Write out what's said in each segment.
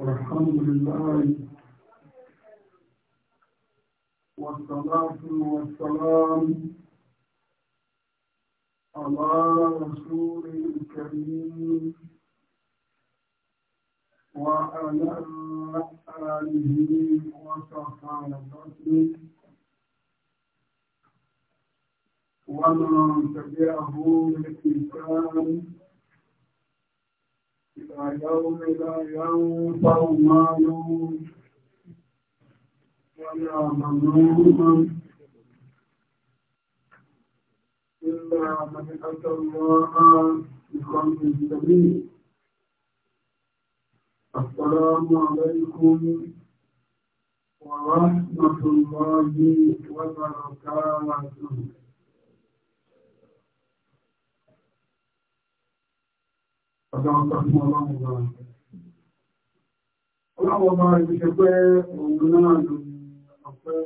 الحمد لله والصلاة والسلام على رسول الكريم وعلى آله وصحابته ومن تبعه بإحسان يوم لا ينفع مال ولا منون إلا من أتى الله بقلب سليم السلام عليكم ورحمة الله وبركاته ọ̀dọ̀ ọ̀tọ̀ fún ọlọ́run ọba ọlọ́run ọba ìṣẹ́ pé òun náà lò ní ọ̀pẹ́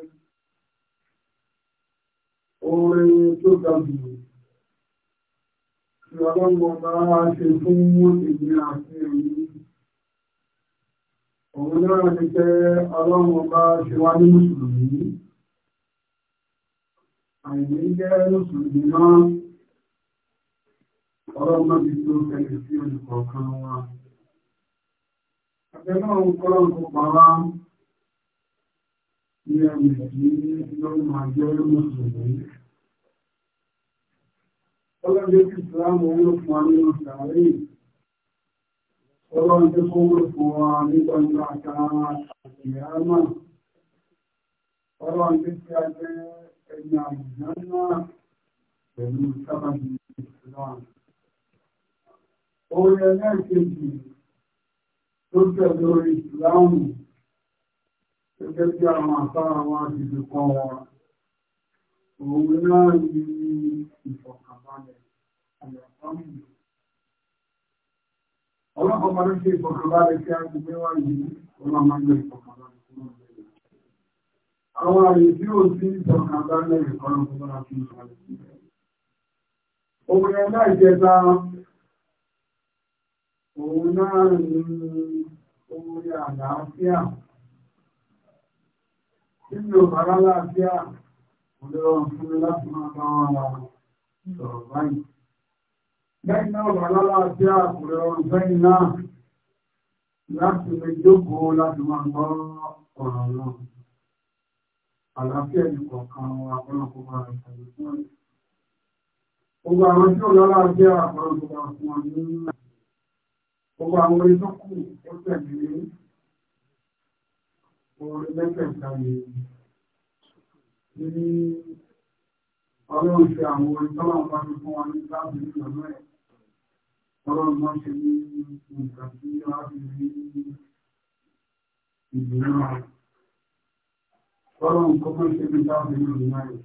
orin tó ga jù tí ọlọ́run ọba ṣe fún èmi àti èmi òun náà ti pé ọlọ́run ọba ṣe wá ní mùsùlùmí àìní jẹ́ mùsùlùmí náà ọlọ́gbọ́n ti tó tẹ́lẹ̀ sí olùkọ̀ọ̀kan wa. Àtẹ́lá òun kọ́lọ̀ kó pàwá ní ẹ̀mì tí lọ́rùn àjọ olómùsùlùmí. Ọlọ́gbẹ́ ti sàámù owó fún àríwá sàárè. Ọlọ́run tó kó wó fún wa nígbà nígbà àtàrà àti àmà. Ọlọ́run tó ti ajẹ́ ẹ̀yà ìdáná pẹ̀lú sábàbí ìsìláàmù orí ẹlẹ́ẹ̀kejì tó tẹ̀lé orí ìsìláàmù gẹ́gẹ́ bí àwọn àtàrà wọn àdìdì kan wọn òun náà ní ìfọ̀kànbalẹ̀ àyàfáàmù ọlọ́pàá máa ń ṣe ìfọ̀kànbalẹ̀ kí a ti gbé wá yìí ọlọ́pàá máa ń lọ ìfọ̀kànbalẹ̀ kúrò lẹ́yìn àwọn àyè tí ó sí ìfọ̀kànbalẹ̀ ìfọ̀kànbalẹ̀ kúrò lẹ́yìn òun ẹlẹ́ẹ̀kẹta òun náà ní orí àlàáfíà nínú ọ̀bára láàáfíà ọlọ́run fún mi láti máa bá wọn ra sọ̀rọ̀ báyìí lẹ́yìn náà ọ̀bára láàáfíà ọlọ́run fẹ́yìn náà láti lè jókòó láti máa gbọ́ ọ̀rọ̀ náà àlàáfíà ní kọ̀ọ̀kan wa ọlọ́kọ̀ máa rẹ̀ tàbí fún ẹ̀ gbogbo àwọn tí ò lọ́lá jẹ́ àpọ̀lọpọ̀ fún ọ gbogbo àwọn orin tó kù ó tẹ̀lé orin mẹ́tẹ̀ẹ̀ta yìí ní ọlọ́run ṣe àwọn orin tọ́lọ́run bá fi fún wa ní láti ní ọ̀nà ẹ̀ ọlọ́run máa ṣe ní nǹkan tí a fi rí ìgbìmọ̀ ọlọ́run kó mọ́ ṣe ní láti ní ọ̀nà ẹ̀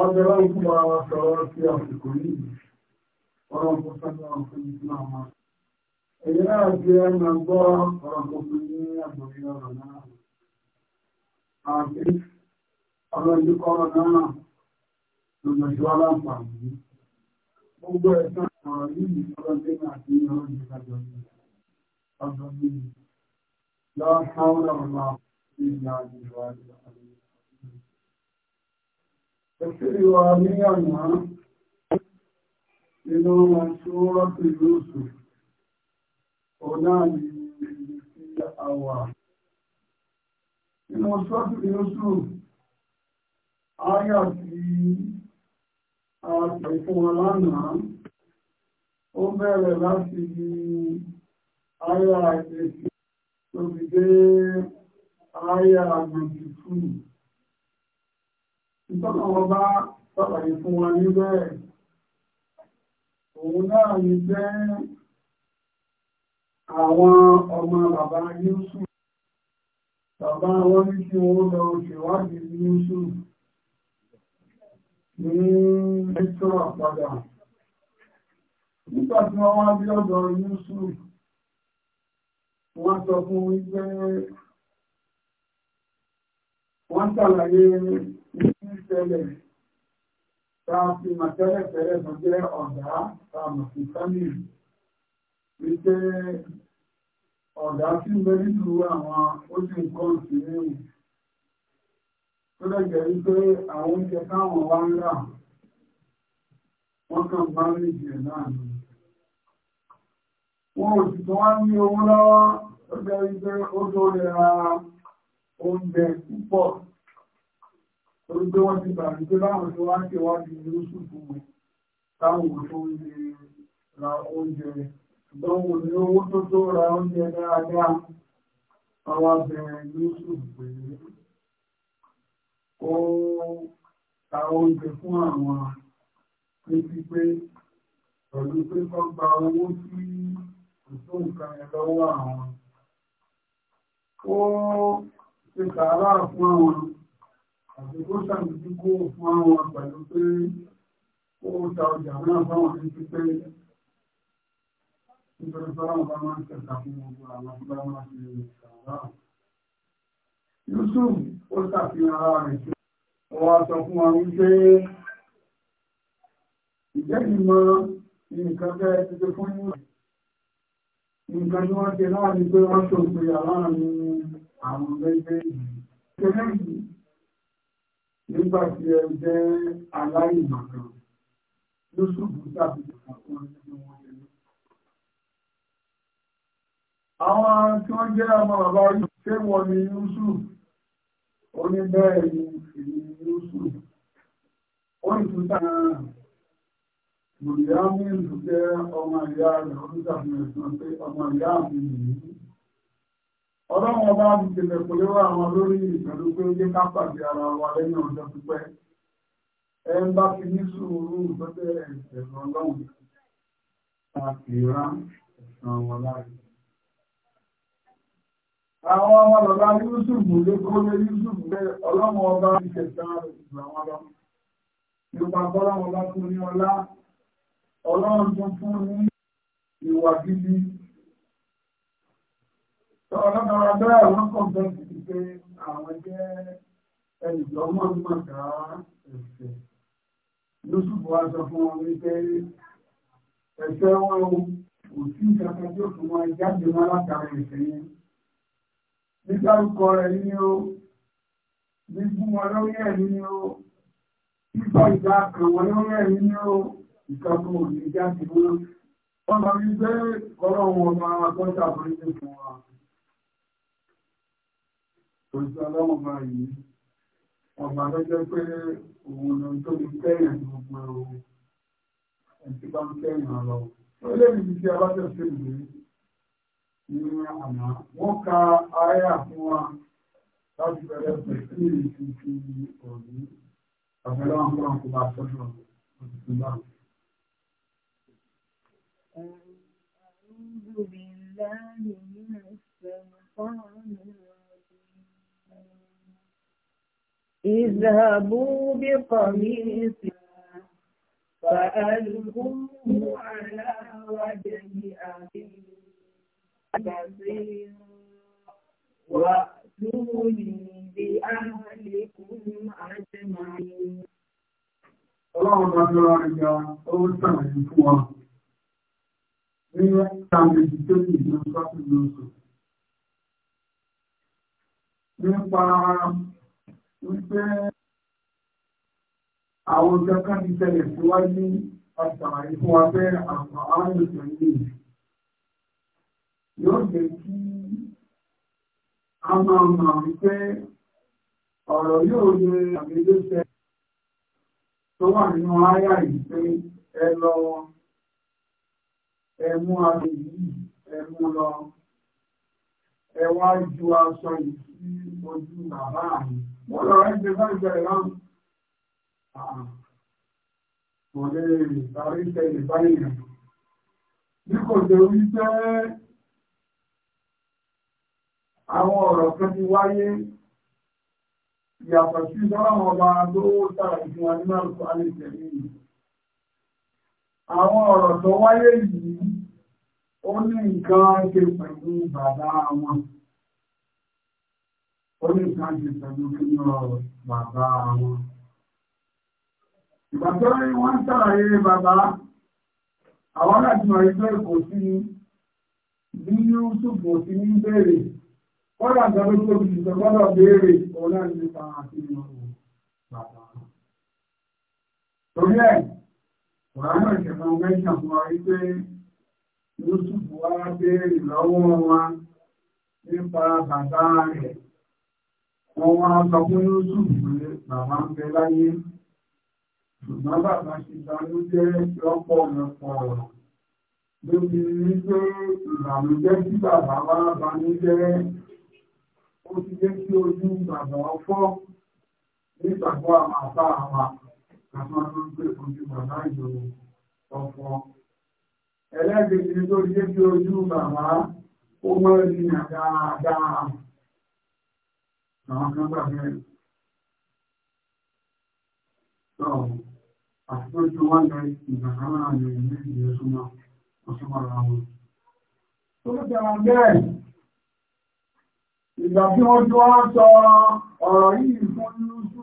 ọjọ́ láìpẹ́ wa sọ̀rọ̀ sí àsìkò yìí ọ̀rọ̀ pọ̀sọ́lọ́ fún ìsìnà ọmọ. Èyí náà jẹ́ ẹmọ gbọ́ ọ̀rọ̀ pọ̀sọ́ ní àgbòrí ọ̀rọ̀ náà. Àti ọ̀rọ̀ ìdíkọ̀rọ̀ náà lọ́nà ìwà láǹfààní. Gbogbo ẹ̀sán ọ̀rọ̀ yìí ọ̀rọ̀ tí ní àná nínú ṣúrọ́pì lóṣù ọ̀nà ìrìnlẹ̀ àwà nínú ṣúrọ́pì lóṣù ayà tí a tẹ̀ fún wọn lánàá ó bẹ̀rẹ̀ láti ní ayà ẹ̀sìn tó fi dé ayà àgbègbè fún ìtọ́kọ̀ wọn bá sàlàyé fún wọn níbẹ̀ òun náà ní pé àwọn ọmọ bàbá Yusuf bàbá wọn ní kí wọ́n lọ ṣèwádìí Yusuf ní ẹjọ́ àpadà nígbà tí wọ́n wá bí ọ̀dọ̀ Yusuf wọ́n sọ fún wípé wọ́n ṣàlàyé ní ìṣẹ̀lẹ̀ tààfi màtẹ́lẹ̀tẹ́lẹ̀ tó jẹ́ ọ̀dá tààmàtì fámìlì wípé ọ̀dá tí ń bẹ nínú àwọn oṣù nǹkan sí léwu tó lẹ́jẹ̀ wípé àwọn oúnjẹ táwọn wá ń rà wọ́n kàn bá rí ìjẹ̀ náà ni wọn ò sì tún wá ní owó lọ́wọ́ tó jẹ́ wípé ó tó lè ra oúnjẹ púpọ̀ torí wọ́n ti gbàgbé pé báwọn tó wá ṣe wádìí ní oṣù mi táwọn ò tó lè ra oúnjẹ ṣùgbọ́n wọ́n ní owó tó tó ra oúnjẹ dáadáa àwọn abẹ̀rẹ̀ ní oṣù pé ó ta oúnjẹ fún àwọn létí pé pẹ̀lú pé kọ́ gba owó tí kò tó nǹkan yẹn lọ́wọ́ àwọn ó ṣe sàárà fún àwọn àti kó ṣàmìtí kó fún àwọn pẹ̀lú pé kó ta ọjà náà fáwọn ní pípẹ́ nítorí fọ́láwọn bá máa ń tẹ̀ka fún gbogbo àwọn tó bá máa ṣe ìṣàrá Yusuf ó ṣàfihàn ara rẹ̀ sí ọwọ́ sọ fún wa wípé ìjẹ́gbìmọ̀ nǹkan bẹ́ẹ̀ ti ṣe fún yín nǹkan tí wọ́n ṣe náà ni pé wọ́n ṣòfin aláàrin àwọn méjèèjì nígbà tí ẹ jẹ́ aláìmọ̀kan lóṣùgbù sàbíkà fún ọjọ́ wọn lẹ́nu. Àwọn tí wọ́n jẹ́ ọmọ bàbá ṣé wọ́n ni Yusuf, ó ní bẹ́ẹ̀ ni èyí Yusuf. Ó ní tún tàn án. Mùrìyá mi ń jẹ́ ọmọ ìyá rẹ̀, ó ní tàbí ẹ̀sán pé ọmọ ìyá mi nìyí ọlọ́run ọba ti tẹ̀lẹ̀ pẹ̀lú àwọn lórí ìpẹ̀lú pé ó jẹ́ ká pàdé ara wa lẹ́yìn ọjọ́ pípẹ́ ẹ ń bá fi ní sùúrù tọ́tẹ́ ẹ̀sìn ọlọ́run ta kì í rán ẹ̀sán wọn láàyè. àwọn ọmọ bàbá Yusuf ló kó lé Yusuf pé ọlọ́run ọba ti tẹ̀sán ìgbà wọn lọ. nípa bọ́lọ́run ọba fún ní ọlá ọlọ́run tún fún ní ìwà gidi ọlọ́dọ̀rọ̀ bẹ́ẹ̀ wọ́n kọ̀ bẹ́ẹ̀ ti pé àwọn jẹ́ ẹnìjọ́mọ́ mọ̀gá ẹ̀sẹ̀ lóṣùpọ̀ wá sọ fún wọn wípé ẹ̀sẹ̀ wọn ò sí ìjọba tí ó fún wọn jáde wọn látara ẹ̀sẹ̀ yẹn nígbàlùkọ rẹ̀ ní o gbígbún wọn lórí ẹ̀ ní o pípa ìgbà kan wọn lórí ẹ̀ ní o ìkàkùn òní jáde wọn wọn lọ rí pé kọ́rọ̀ wọn máa gbọ́dọ̀ àforíjì fún wọn. Òṣìṣẹ́ ọlọ́run bá yìí, ọba lọ́jọ́ pé òun lọ tó ní kẹ́yìn ní gbogbo ohun ẹ̀sìn bá ń kẹ́yìn lọ. Ó lè ní ti aláṣẹ sí ìlú ní àná. Wọ́n ka àyà fún wa láti bẹ̀rẹ̀ pẹ̀ sí ìrìnsì òní. Àbẹ̀rẹ̀ wọn kúrò kó bá tọ́jú òṣìṣẹ́ أعوذ بالله من الشيطان اذهبوا بقميصي فألقوه على وجه أبي بصير وأتوني بأهلكم أجمعين Ọlọ́run bá lọ́wọ́ ẹja ó ń sàmì fún wa. Ní ìtàmì ìtẹ́lì ìjọba tó lọ́sọ̀. Nípa wípé àwọn ìjọba ti tẹ̀lé síwájú àtàrí fún wa àwọn àrùn ìlú yóò jẹ́ kí a máa mọ̀ wípé ọ̀rọ̀ yóò yẹ àgbélẹ́sẹ̀ tó wà nínú àyà yìí pé ẹ lọ ẹ mú yìí ẹ lọ ẹwà ju aṣọ yìí sí ojú wọ́n lọ rẹ̀ ń gbé báyìí bẹ̀rẹ̀ láàmù wọ́n lè sáré tẹ̀lé báyìí rẹ̀ bí kò jẹ́ orí jẹ́ àwọn ọ̀rọ̀ kan ti wáyé ìyàtọ̀ sí sọ́lọ́wọ́ ọba tó sára ìfún wa nínú àlùkò alẹ́sẹ̀rí àwọn ọ̀rọ̀ tó wáyé yìí ó ní nǹkan ṣe pẹ̀lú bàbá wọn ó lè jáde pẹ̀lú kí ní ọ̀rọ̀ bàbá wọn. Ìgbà tó rí wọ́n ṣàlàyé bàbá, àwọn láti mọ̀ ẹgbẹ́ kò sí bí Yusuf ò sí ní bèèrè. Wọ́n rà gbọ́ tó tóbi jù gbọ́dọ̀ béèrè òun náà nípa àti ìrọ̀rùn bàbá. Torí ẹ̀, ọ̀rọ̀ náà ìṣẹ̀kan mẹ́ṣà fún wa wípé Yusuf nípa bàbá rẹ̀ wọ́n wá sọ fún Yusuf pé bàbá ń bẹ láyé ṣùgbọ́n bàbá ti dánú jẹ́ lọ́pọ̀ mẹ́pọ̀ ọ̀rọ̀ lóbi ní pé ìbànújẹ́ tí bàbá wá banújẹ́ ó ti jẹ́ kí ojú bàbá ọfọ́ nígbàgbọ́ àwọn àbá àwa àwọn ló ń gbé ojú bàbá ìlú ọfọ́ ẹlẹ́gbẹ̀ẹ́ tó jẹ́ kí ojú bàbá ó mọ́ ìrìnà dáadáa àwọn wọ́n lẹ ìgbà sọ ọ̀rọ̀ yìí fún Yúsù,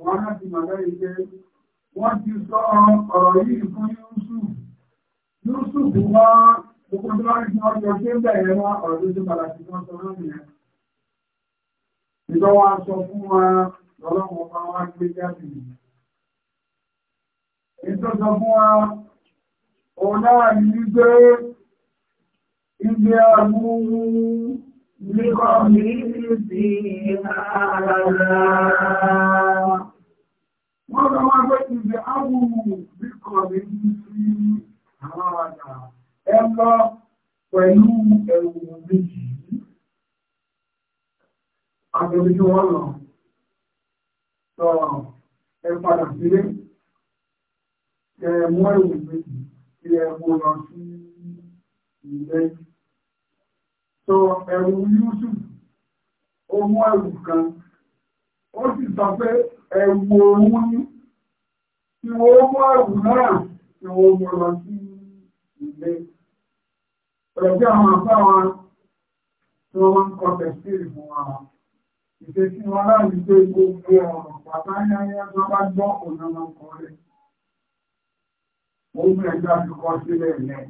wọ́n láti màlẹ́ ìgbé. Wọ́n ti sọ ọ̀rọ̀ yìí fún Yúsù. Yúsù wá gbogbo tó wá ní ọjọ́ tó bẹ̀rẹ̀ wá ọ̀rọ̀ tó ti padà sí wọ́n sọ náà Ìjọ wa sọ fún wa lọ́lọ́wọ́ bá wá gbé jáde. Ìjọ sọ fún wa, òun náà ní gbé ilé àmúrú níkọ̀ ní sí ààrẹ. Wọ́n sọ wá pé ìgbé àmúrú níkọ̀ ní sí ààrẹ. Ẹ lọ pẹ̀lú ẹ̀wù méjì àjọ̀bíjú wọn lọ sọ ẹ padà sílé ẹ mú ẹ̀wù méjì tí ẹ mú lọ sí ilé sọ ẹ̀wù Yusuf ó mú ẹ̀wù kan ó sì sọ pé ẹ̀wù òun ní tí wọ́n mú ẹ̀wù náà tí wọ́n mú lọ sí ilé pẹ̀lú àwọn àbáwọn tí wọ́n ń kọ́ tẹ̀síìrì fún wa wọn ìfẹ́sí wọn láàrin pé gbogbo ọ̀rọ̀ pàtàkì tó bá gbọ́ ọ̀nà ọkọ̀ rẹ̀. Oúnjẹ ẹgbẹ́ àtúkọ sílẹ̀ lẹ̀.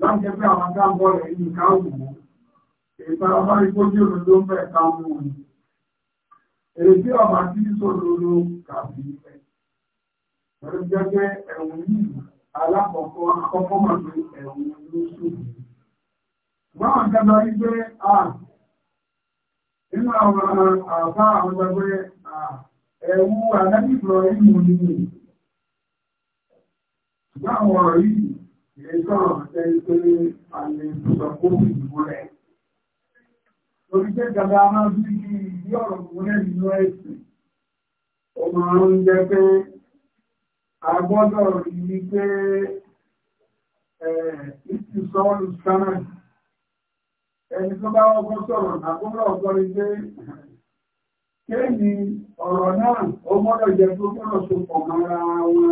Láti pé àwọn dábọ̀ rẹ̀ ní káwù mú. Èta ọba ìgbójú òdodo ń bẹ̀ ká mú un. Èdè ọba tí ń sòdodo kàbí ìfẹ́. Pẹ̀lú jẹ́jẹ́ ẹ̀wọ̀n yìí, alákọ̀ọ́kọ́ akọ́kọ́ mọ̀ pé ẹ̀wọ̀n ló nínú àwọn àbá àwọn gbẹgbẹ ẹ̀wù àdájúfọ̀ ìmú nínú ṣùgbọ́n àwọn ọ̀rọ̀ yìí ìrẹ́sọ̀ jẹ́ pé a lè sọ kó fi ìbò rẹ̀ lórí jẹ́ gàdá máa bí i ìdí ọ̀rọ̀ múlẹ̀ nínú ẹ̀sìn ó máa ń jẹ́ pé a gbọ́dọ̀ rí i pé ìtìsọ́ọ̀lù sánàdì ẹni tó bá ọgbọ́n sọ̀rọ̀ àkúrò ọgbọ́n pé kéèyàn ọ̀rọ̀ náà ó mọ́dọ̀ jẹ́ tó gbọ́dọ̀ so pọ̀ mọ́ra wọn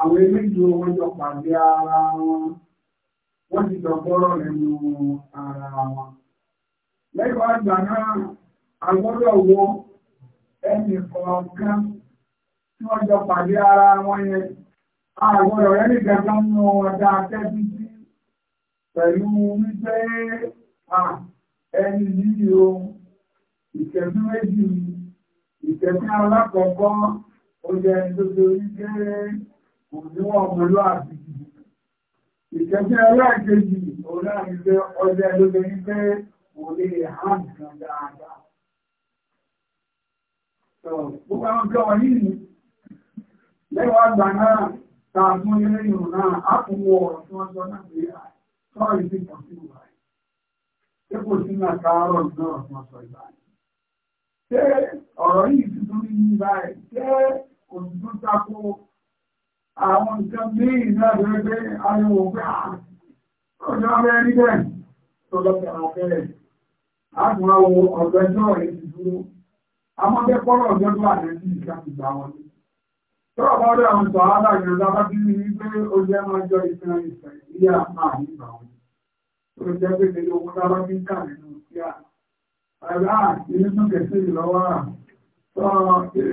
àwọn eléjò wọn jọ pàdé ara wọn wọ́n ti jọ gbọ́rọ̀ nínú ara wọn. lẹ́yìn wá gbà náà agbọ́dọ̀ wo ẹnì kọ̀ọ̀kan tí wọ́n jọ pàdé ara wọn yẹn àgbọ̀dọ̀ rẹ́ nìkan tó ń mú tí pẹ̀lú wípé ẹni yìí o ìṣẹ́jú méjì ìṣẹ́jú alákọ̀ọ́kọ́ ó jẹ́ ìṣẹ́jú wípé òníwọ̀n pẹ̀lú àti ìṣẹ́jú ọjọ́ ẹlógún wípé òní hàn kan dáadáa. lẹ́wọ̀n àgbà náà ilé ìrùn náà á fún tí wọ́n sọ náà Sorry, this is possible. Ṣé kò sí ní àkàárọ̀ náà fún ọ̀sọ̀ ìbáyìí? Ṣé ọ̀rọ̀ yìí ti tún ní ìbáyìí? Ṣé kò sí tún tako àwọn nǹkan míì náà bẹ̀rẹ̀ pé ariwo pé ọjọ́ abẹ́rẹ́ níbẹ̀ tó lọ́tẹ̀ abẹ́rẹ́. Àgbọ̀n àwọn ọ̀gbẹ́jọ́ rẹ̀ ti dúró. Amọ́bẹ́kọ́rọ̀ ọ̀gbẹ́jọ́ àdẹ́sí ìkàtìgbà wọn ni. Tọ́rọ bá rí àwọn ìtọ̀ àádá ìrìnàjò bá bí ní wípé ó jẹ́ máa jọ ìfẹ́ ìfẹ́ ìyá máa nígbà wọn. Ó jẹ́ pé kejì ogun tá bá bí ń kà nínú sí à. Àìlá ìlú kẹsí ìlọ́wọ́ à. Sọ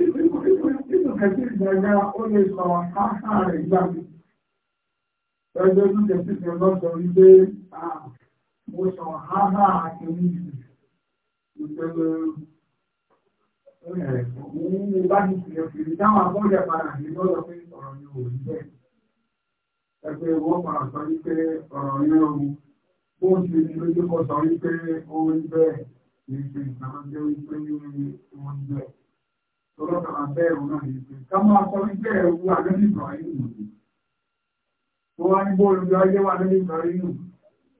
ìlú kẹsí ìdájá ó lè sọ káàkà rẹ̀ gbà mí. Ẹgbẹ́ ìlú kẹsí ìjọba sọ wípé mo sọ hábà àti òun bá ní ìṣẹ̀lẹ̀ òkèèrè táwọn abọ́lẹ̀ padà ní lọ́dọ̀ pé ọ̀rọ̀ ni ò rí bẹ́ẹ̀ ẹgbẹ́ owó padà sọ wípé ọ̀rọ̀ yẹn o bó ń ṣe ní lójú kọ sọ wípé ó ń bẹ́ẹ̀ ní ṣe ìgbàmọ́ jẹ́ wípé ó ń bẹ́ẹ̀ tọ́lọ́kà abẹ́ òun náà ní ṣe ká máa sọ wípé ẹ̀wù adẹ́bí Ibrahim nìyí tó wá ní bóòlù bí ayé wà lẹ́bí Ibrahim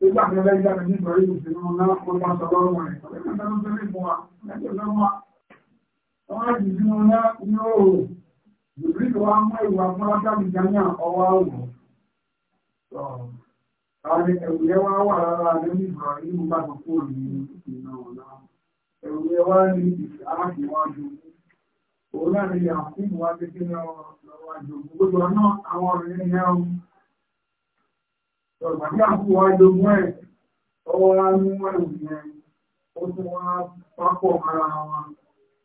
nígbà tó lẹ́yìn adẹ́bí Ibrahim sínú náà ó bá sọ lọ́rùn rẹ̀ wọ́n á jù sínú ná ní òòrùn lórí tó wá mọ́ ìwà fún ádámìjà ní ọwọ́ àwọ̀ àwọn ẹ̀wù yẹn wá wà lára lẹ́yìn ìbúra nínú bá tó kúrò ní ìpínlẹ̀ ọ̀la ẹ̀wù yẹn wá ní aláàbíwájú òun náà ni àkúbù wá títí ní ọwọ́ ó tún wá pápọ̀ ara wọn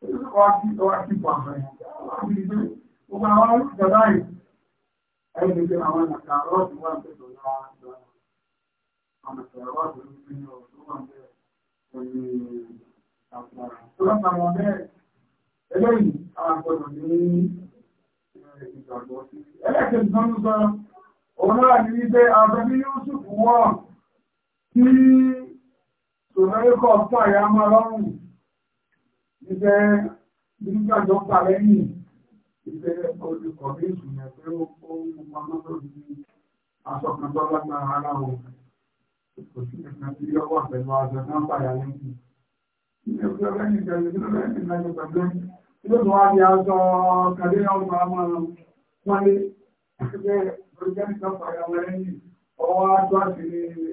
Eléyìí, àwọn àgbọ̀dọ̀ ní ìgbàgbọ́ sí. Ẹlẹ́kẹ̀ẹ́ ìgbọ́núgbọ́, òun náà ní wípé àbẹ́bí yóò ṣùkú wọ́n tí Sòmẹ́ríkọ̀ fún àyàmọ́ lọ́rùn nígbẹ́ nígbàjọ́ parẹ́ ní ìfẹ́ olùkọ́ bí ìsìnyẹ̀ pé ó mú pamọ́ tó di asọ̀kàntọ́ lágbára ara o kò sí nǹkan tí yọ wà pẹ̀lú aṣọ náà padà lẹ́yìn ilé ìfẹ́ lẹ́yìn ìjẹun ìlú lẹ́yìn ìlànà pẹ̀lú ilé ìfẹ́ wá di aṣọ kàdé ọgbà máa wọlé ẹgbẹ́ olùkẹ́ni kan padà lẹ́yìn ọwọ́ aṣọ àti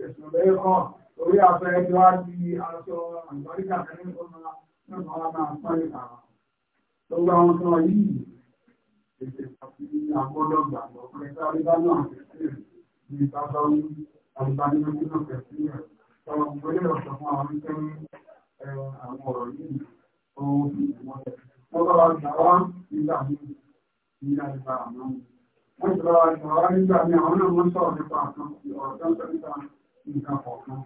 ẹ̀sùn lẹ́yìn kan orí aṣọ ẹjọ́ àti aṣọ àgbáríkà lẹ́yìn kan máa Lọ́gbà wọn sọ yìí, ètè àti àgbọ́dọ̀ gbàgbọ́ pé sáré bá náà fẹ́ ní bàbá orí àgbàníwájú náà fẹ́ sí ẹ̀. Sọ̀rọ̀ ìgbélé ọ̀sọ̀ fún àwọn wípé àwọn ọ̀rọ̀ yìí ó fi ìwọ̀n ẹ̀. Wọ́n bá wa gbà wá nígbà míì ní àgbà àmọ́. Wọ́n ti bá wa gbà wá nígbà míì àwọn náà wọ́n sọ̀rọ̀ nípa àkàn ọ̀rọ̀ tó ń sọ nípa nǹkan kọ̀ọ̀kan.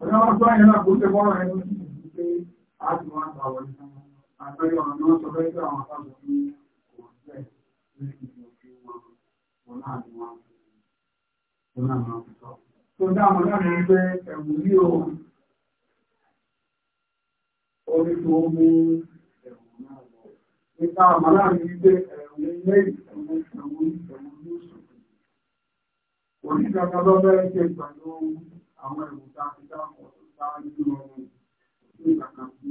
Ọ̀dọ́ wọn sọ láti wọ́n ọrụ tó ẹ̀wù ní orí tó mú ẹ̀wù náà lọ. ẹ̀wù ilé ìtẹ̀wù ìtẹ̀wù ìtẹ̀wù ní sí kàkà sí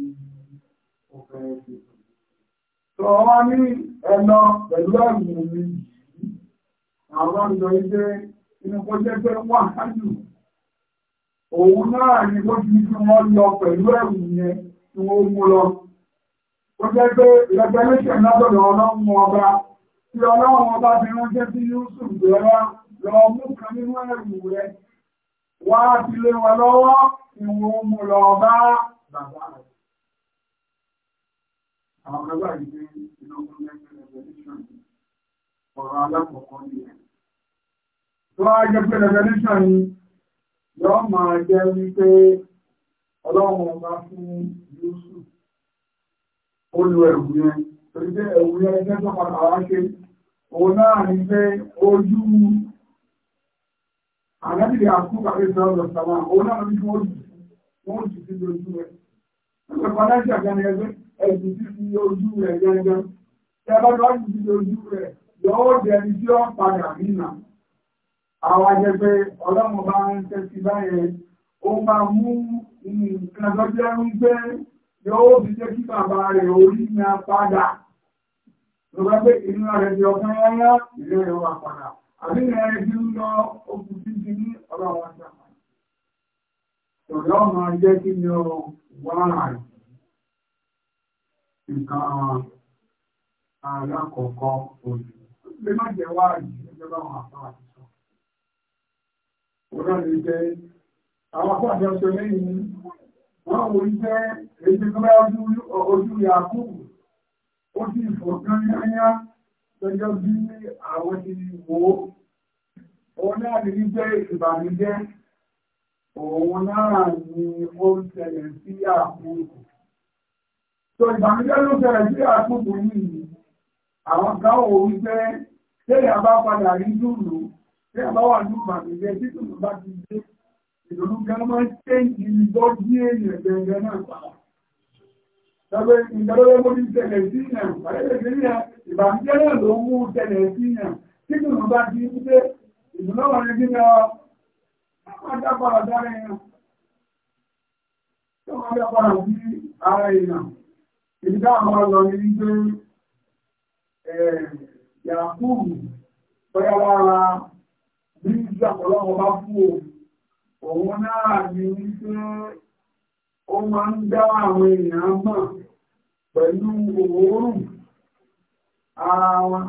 ọ̀fẹ́ ẹ̀sìn. Sọ wá ní ẹ̀nà pẹ̀lú ẹ̀mù mi àwọn àjọ ilé inú kó jẹ́ pé wà ájù. Òun náà ni ó ti fi wọ́n lọ pẹ̀lú ẹ̀mù yẹn tí wọ́n mú lọ. Ó jẹ́ pé ìrẹ́gbẹ́lẹ́ṣẹ̀ lábọ̀dọ̀ ọlọ́run ọba tí ọlọ́run ọba fi ránṣẹ́ sí Yusuf lọ́wọ́ lọ mú kan nínú ẹ̀rù rẹ̀. Wá ti lé wọn lọ́wọ́ ìwọ̀n bàbá rẹ̀. Àwọn kan gbà yìí pé iná kún lẹ́gbẹ̀ẹ́ revolution ọ̀rọ̀ alákọ̀ọ́kọ́ ni ẹ̀. Tó á jẹ́ pé revolution ni yọ́ máa jẹ́ wípé ọlọ́run ọba fún Yusuf ó ẹ̀wù yẹn torí pé ẹ̀wù yẹn jẹ́ tó padà wá ṣe òun náà ní pé ojú àgbẹ̀dẹ̀ àkókò Ìpàdájì àgbàni ẹgbẹ́ ẹ̀sìn tí fi ojú rẹ̀ gẹ́gẹ́. Tẹ́bọ́dọ́ ti fi ojú rẹ̀ yóò jẹ́ ní tí ó padà nínà. Àwọn ajẹ́gbẹ́ ọlọ́mọ bá ń tẹ́ sí báyẹn, ó máa mú nǹkan tó jẹ́ ń gbé yóò fi jẹ́ kí bàbá rẹ̀ orí ní apádà. Lọ́gbẹ́ pé inú rẹ̀ di ọ̀kan yáyá, ìrẹ́ rẹ̀ wà padà. Àbí ìrẹ́ rẹ̀ ti ń lọ okùn títí ní ọlọ́run àjàmà. Ọ̀dọ́ máa jẹ́ kí ni ó wáàrà nǹkan alákọ̀ọ́kọ́ òjò. Lé má jẹ́ wáàrì ẹgbẹ́ bá wọn àpá àti sọ. Ọ̀dọ́ lè jẹ́ àwọn àpá àjọ sọ lẹ́yìn wọ́n wo iṣẹ́ èdè tó bá ojú yàkú ó sì lọ́jọ́ bí àwọn ti wò ó. lè jẹ́ òun náà ni ó ń ṣẹlẹ̀ sí àkókò. So ìbànújẹ́ ló ṣẹlẹ̀ sí àkókò yìí, àwọn kan ò wí pé téèyàn bá padà rí dùnú, téèyàn bá wà ní ìbànújẹ́ tí dùnú bá ti dé, ìdùnnú gan máa ń ṣe ìgbọ́ bí èèyàn gẹ̀ẹ́gẹ́ náà padà. Ṣọ́gbẹ́ ìgbàlódé mo ti ṣẹlẹ̀ sí yàn, ìbànújẹ́ náà ló mú ṣẹlẹ̀ sí yàn, tí dùnú bá ti dé, ìdùnnú wà ní adágbára dára èèyàn tó máa dágbára sí ara èèyàn ìdídá àwọn ọlọ ní wípé yàkúrù bóyá lára bí ìjọpọ̀lọ́wọ́ bá fún òun náà ní wípé ó eh, máa ń dá àwọn èèyàn mọ̀ pẹ̀lú òórùn ara wọn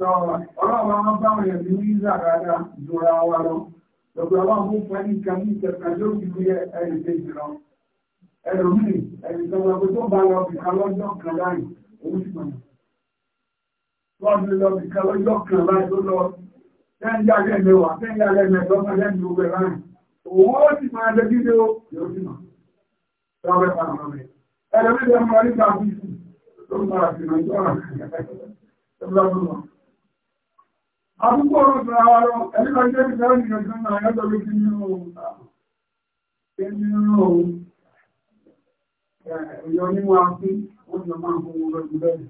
ọlọ́ọ̀bá wọn báwọn èèyàn ní ìzàkádà jùra wa lọ lọ́gbọ̀ àwọn amúnfà ní kàmí ìtẹ̀ka yóò fi rí ẹ̀rì kejì lọ ẹlòmíì ẹ̀rì tọ́gbàgbé tó bá lọ bìkà lọ́jọ́ kan láì òun sì mọ̀nà lọ́dún lọ bìkà lọ́jọ́ kan láì tó lọ tẹ́ńdà lẹ́mẹ̀wàá tẹ́ńdà lẹ́mẹ̀ẹ́dọ́gbọ̀n lẹ́nu gbogbo ẹ̀ láì òun ó sì máa jẹ́ gídé ó yóò sì mọ̀ lọ́wọ́ ẹ̀fà lọ́wọ́ rẹ̀ ẹlòmíì lọ́mọ Àdúgbò ọ̀rọ̀ ìgbà wa lọ, ẹni kan jẹ́ ìfẹ́ ìrìnàjò náà yọ́dọ̀ ló kí nínú òun náà. Kí nínú òun, ẹ̀yọ nínú àti ó jọ máa fún ọmọ ọdún bẹ́ẹ̀.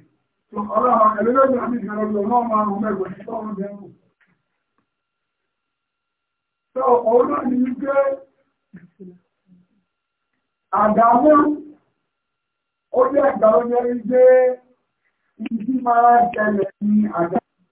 Ọlọ́run ẹ̀lẹ́gbẹ̀rẹ̀ àti ìgbẹ̀rẹ̀ ọ̀nà máa rùn mẹ́gbẹ̀ẹ́ sí ọmọ ọdún bẹ́ẹ̀. So, òun náà ni wípé àdámọ́ ó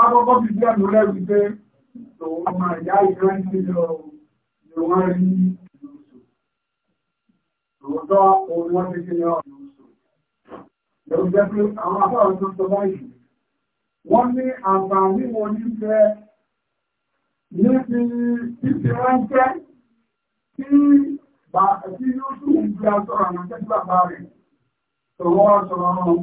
Àkọ́kọ́ ti bí àmì lẹ́rù pé òun máa yá ìjọ nílò ni wọ́n rí lóṣù. Lóòótọ́ òun wọ́n ti kí ní ọ̀nà lóṣù. Lọ́wọ́ jẹ́ pé àwọn afọ́rọ̀ tó sọ báyìí. Wọ́n ní àǹfààní wo ní fẹ́ ní ti títí ránṣẹ́ tí yóò tún ń gbé aṣọ àwọn akẹ́kọ̀ọ́ bá rẹ̀. Tòwọ́ sọ̀rọ̀ ọ̀hún.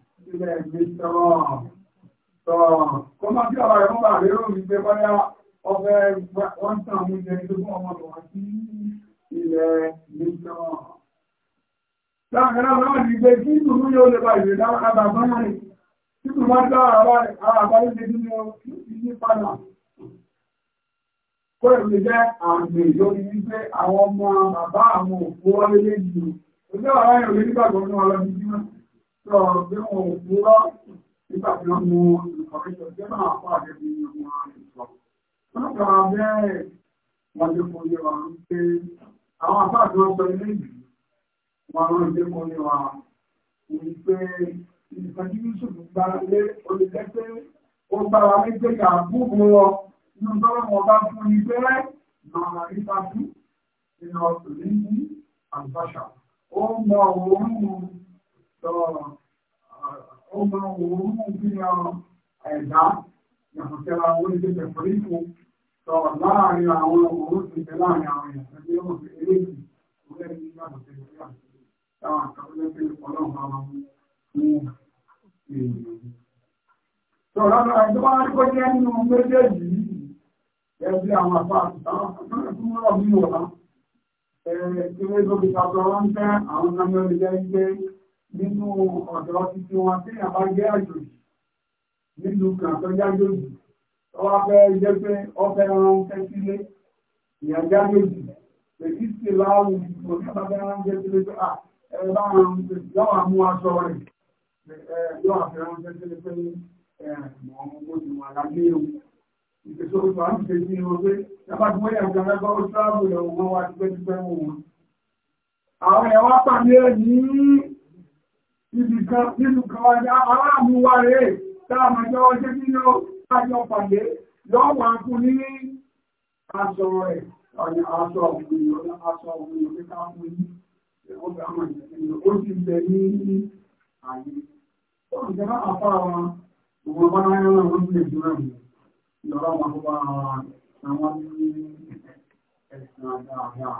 sílẹ̀ gbé tán tán kó má bí ọ̀rọ̀ ẹ̀mọ́ bà lérò mi pé bọ́yá ọbẹ̀ wọ́n tàn mú jẹ tó fún ọmọ lọ́wọ́ sí ilẹ̀ gbé tán. láàrín àwọn ọmọdé gbé kí ìtùnú yóò lè bá ìrèlá àbàbọ́n rẹ̀ kí ìtùnú má dá àbáyé lè nínú ìyí padà Kọ́rẹ̀ lè jẹ́ àmì lórí wípé àwọn ọmọ bàbá àwọn òkú wọlé lé sọ bí wọn ò purọ́ nígbà tí wọ́n mú ìfọ̀kẹ́sọ̀ jẹ́ máa fọ́ àjẹbí wọn àìsàn. wọ́n gbà bẹ́ẹ̀ wọ́n ti kò yé wa pé àwọn àfáà tí wọ́n sọ ilé ìlú wọn ló ti kò yé wa wípé ìfọ̀jú yusuf gba lé olùdẹ́pẹ́ ó gbára méjèèjì àbúkù lọ nínú tọ́lọ́ wọn bá fún ní pẹ́rẹ́ màmá nípa tú nínú ọ̀sùn ní àlùbáṣà ó sọ ọmọ òun bí ẹ̀dá yàtọ̀ tẹ́ra owó ní pẹ̀lú ìfò sọ láàrin àwọn òun ti tẹ láàrin àwọn èèyàn tẹ́lẹ̀ ó fi eléyìí ó lẹ́yìn ní yàtọ̀ tẹ́lẹ̀ ó yàtọ̀ táwọn àkàwé pé ọlọ́run bá wọn mú èèyàn. sọ lára ẹjọ́ wá rí kọjá nínú méjèèjì yìí ẹbí àwọn àpá àtàwọn akẹ́kọ̀ọ́ rọ̀ mí wọ̀lá ẹ̀ẹ́dẹ́gbẹ́sọ̀gbẹ̀sọ̀ àwọn ń tẹ́ àwọn ọmọ ẹgbẹ́ nínú ọ̀dọ̀ títí wọn tí a bá jẹ́ àjòjì nínú kàtọ́jájòjì tó wá fẹ́ jẹ́ pé ọfẹ́ ran fẹ́ sílé ìyàjájòjì pẹ̀lú sí láàrùn ìgbò tí a fẹ́ ran jẹ́ sílé pé à ẹ̀rọ bá ran lọ́wọ́ mú aṣọ rẹ̀ yóò àfẹ́ ran fẹ́ sílé pé mọ̀ ọmọ mo ti wà lágbé o ìpèsè oṣù àti ìpèsè ìwọ̀n pé tábàtí wọ́n yà gbọ́n lẹ́gbọ́n ó tíráàbù lẹ̀ òun wá tipẹ́tipẹ́ wọn. àwọn ẹ̀wá pàdé ní nínú kan ọjà aráàmú wa rèé táàmàjọ ọjọ́ nínú àjọ pàdé lọ́wọ́ fún ní aṣọ rẹ̀ ọ̀nà aṣọ òmìnira ọ̀nà aṣọ òmìnira pípa fún yí ọgbà àwọn ìṣẹ̀lẹ̀ ó ti bẹ̀ ní àyè ọ̀nà àpá wọn gbogbo bá ń rán wọn lè dúró mi ìyọ̀rọ̀ wọn kó bá àwọn ní ẹ̀sìn àdáadáa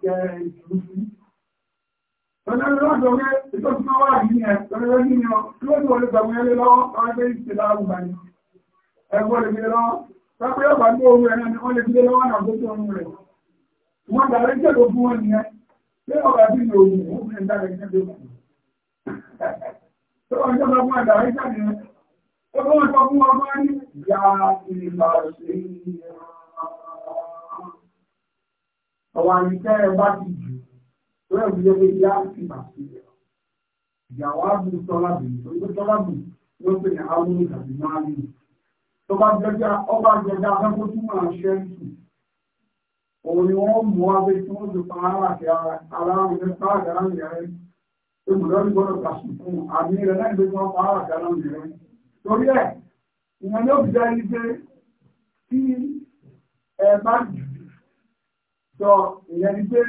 jẹ́ ìdúrúkú. Ọlọ́rọ̀ ọ̀dọ̀ ìtọ́sùn wà ní ẹ̀kọ́rẹ́ ní ọ, tí ó ní wọlé gbàmù ẹlé lọ́wọ́, ọgbẹ́ ìsìlá àrùbà ni. Ẹgbọ́n lè gbé lọ́wọ́, pápẹ́ ọ̀bà ní orí ẹ̀nà ni wọ́n lè gbé lọ́wọ́ náà tó tó ń rẹ̀. Wọ́n dàrẹ́ jẹ́ ló fún wọn nìyẹn, pé ọ̀bà bí ní òun, ó fi ń ọ̀wà àyíká ẹ̀ bá ti jù tó ẹ̀ wúlé pé yá sí màsí rẹ̀ ìyàwó àbú tọ́lá bì tó ń tọ́lá bì ló pè ní awúrò tàbí máa lè tó bá jẹjá ọba jẹjá afẹ́kọ́ tó máa ṣẹ́ tù òun ni wọ́n mú abẹ́ tí wọ́n ti pa ara àti ara rẹ̀ pààdà rẹ̀ olùdarí gbọ́dọ̀ kà sí fún àmì rẹ̀ náà gbé wọn pa ara àti ara rẹ̀ torí ẹ̀ ìyẹn ló fi dá ẹni pé tí ẹ bá jù sọ èyàn ni pé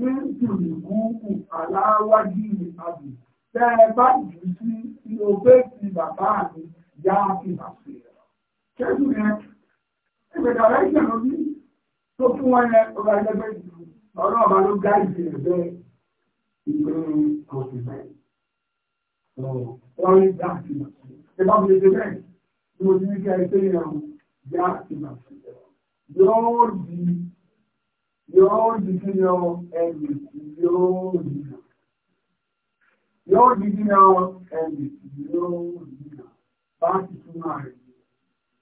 ní ìtùlù kúkú aláwájú àbò tẹ́ ẹ bá jù sí tí o fẹ́ fi bàbá mi yá fi bàbá rẹ̀. kẹ́sù yẹn ìgbẹ̀dà rẹ̀ ṣẹ̀nà bí tó fún wọn yẹn ọba ẹgbẹ́ jù ọ̀rọ̀ ọba ló gá ìdí ẹ̀bẹ́ ìwé ọ̀sìn bẹ́ẹ̀. wọ́n rí yá fi bàbá rẹ̀. ẹ bá mi lè ṣe bẹ́ẹ̀ ni mo ti ní kí ẹ ṣe yẹn yá fi bàbá rẹ̀. yóò yóò di kí ni ọ ẹni yóò dìnà yóò di kí ni ọ ẹni yóò dìnà bá ti túmọ̀ rẹ̀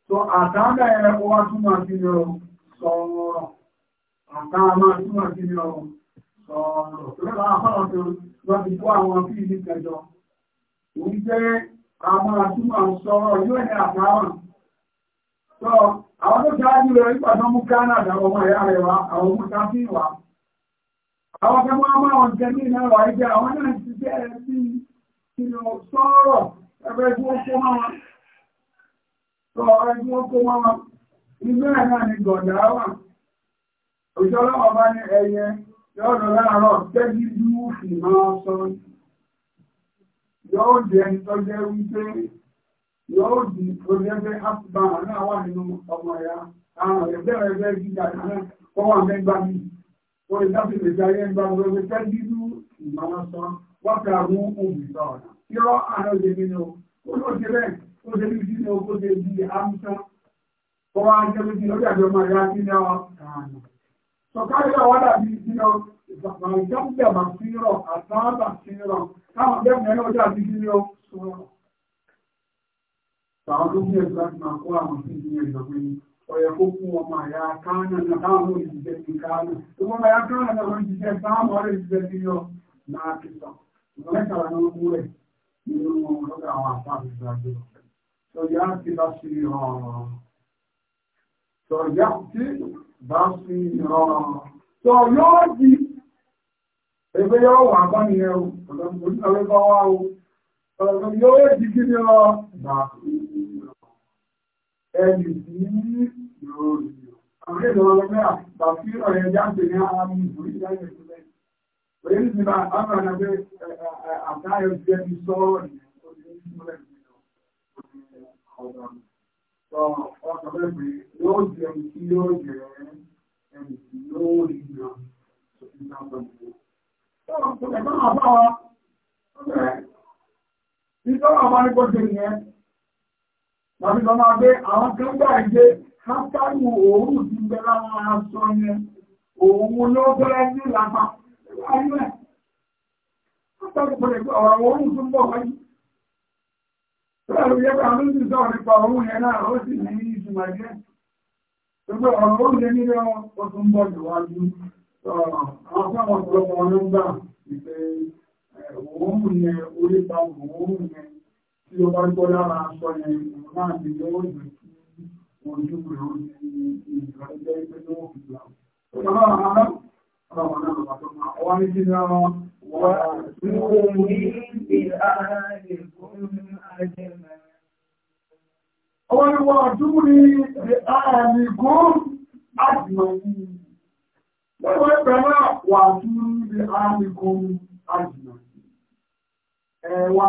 so àtàdà ẹ̀ ó wá túmọ̀ kí ni ọ sọ̀rọ̀ àtàdà máa túmọ̀ kí ni ọ sọ̀rọ̀ tó lọ́la afọ́lọ́ tó lọ́ ti kó àwọn fíìlì kẹjọ òun jẹ́ àwọn àtúmọ̀ sọ̀rọ̀ yóò ní àtàwọn So, àwọn tó ṣáájú rẹ̀ nípasán mú Canada ọmọ ìyá rẹ̀ wá, àwọn mú Tafin wá. Àwọn tó wọn jẹ ní ìlànà wà jẹ́ àwọn náà ti jẹ́ sí ìlú sọ́rọ̀ ẹgbẹ́ tí wọ́n kó máa So, ẹgbẹ́ tí wọ́n kó ọba ní ẹyẹ yọ́dọ̀ láàárọ̀ tẹ́jú máa sọ. yóò di onígbẹ́ àtúbà náà wà nínú ọmọ ẹ̀yà àwọn ẹgbẹ́ ẹgbẹ́ gíga náà kọ́ wà mẹ́gbà mí wọ́n lè dábì lè jayé ń gba gbogbo fẹ́ dídú ìmọ̀lọ́sọ wọ́n fẹ́ àwọn òbí sọ ọ̀nà kí ọ́ àná lè nínú ó ló ṣe bẹ́ẹ̀ ó ṣe bí sínú ó ṣe bí amúṣá kọ́ wá ń jẹ́bi sí lórí àjọ ọmọ ẹ̀yà kí ni ọ kàánà sọ̀kárí àwọn dàbí sínú ìfàkànjọ́ bẹ̀rẹ̀ sí rọ̀ àtàwọn bàtí rọ̀ káwọn bẹ́ẹ̀ mẹ́rin ó dàbí sínú sọ̀rọ̀ Àwọn tó bí ẹ̀sùn láti máa kó àwọn sí ìdí ẹ̀sọ̀ pé ọ̀yẹ̀ kó fún ọmọ àyà káánà náà táwọn olùjíṣẹ́ ti káánà. Tó mọ́ àyà káánà náà wọ́n jíṣẹ́ táwọn ọ̀rẹ́ ìjíṣẹ́ ti yọ náà ti sọ. Ìgbà mẹ́ta la ní kú rẹ̀ nínú ọ̀dọ̀ àwọn àpáàbí ìgbàgbé. Sọ̀yà ti bá sí ọ̀rọ̀. Sọ̀yà ti bá sí ọ̀rọ̀. Sọ̀yọ́ di ẹgbẹ́ yóò wà bá nìyẹn o. Ọ̀dọ̀ ẹni tí ìròyìn àwọn èèyàn ọlọ́gbẹ́ àbàfí ọ̀rẹ́ jáde ní àmì ìbúrí láyé ìpínlẹ̀ òye ní ìgbà àwọn àgbẹ̀ àbáyọ jẹ́ ní sọ́ọ̀rọ̀ ìyẹn tó ní ìpínlẹ̀ Tàbí lọ máa gbé àwọn tó ń gbà ìgbé kápẹ́lú òórùn ti ń bẹ láwọn aṣọ yẹn. Òun ló bẹ́rẹ̀ ní ìlàpá. Ayúmẹ̀. Kápẹ́lú pẹ̀lẹ̀ pé ọ̀rọ̀ òórùn tó ń bọ̀ wáyé. Bẹ́ẹ̀rù yẹ pé àwọn oúnjẹ sọ̀rọ̀ nípa òórùn yẹn náà ó sì ní ìtumọ̀ jẹ́. Gbogbo ọ̀rọ̀ oúnjẹ nílé wọn ó tún bọ̀ níwájú. Àwọn fáwọn ọ̀pọ̀lọpọ̀ wọn ló ń gbà ìpè òórùn yẹn orí tí ó bá gbọ́ lára aṣọ yẹn náà ni yóò yẹ kí ojú rẹ̀ ó di ìgbà jẹ́ pé ó fi gbà. Wọ́n ní kí ni wọ́n wá sí ohun ní ìlànà ìkún àjẹmẹ́. Ọwọ́ ni wọ́n dúró ní ìlànà ìkún àjẹmẹ́. Wọ́n wọ́n pẹ̀lú wà dúró ní ìlànà ìkún àjẹmẹ́. Ẹ̀wà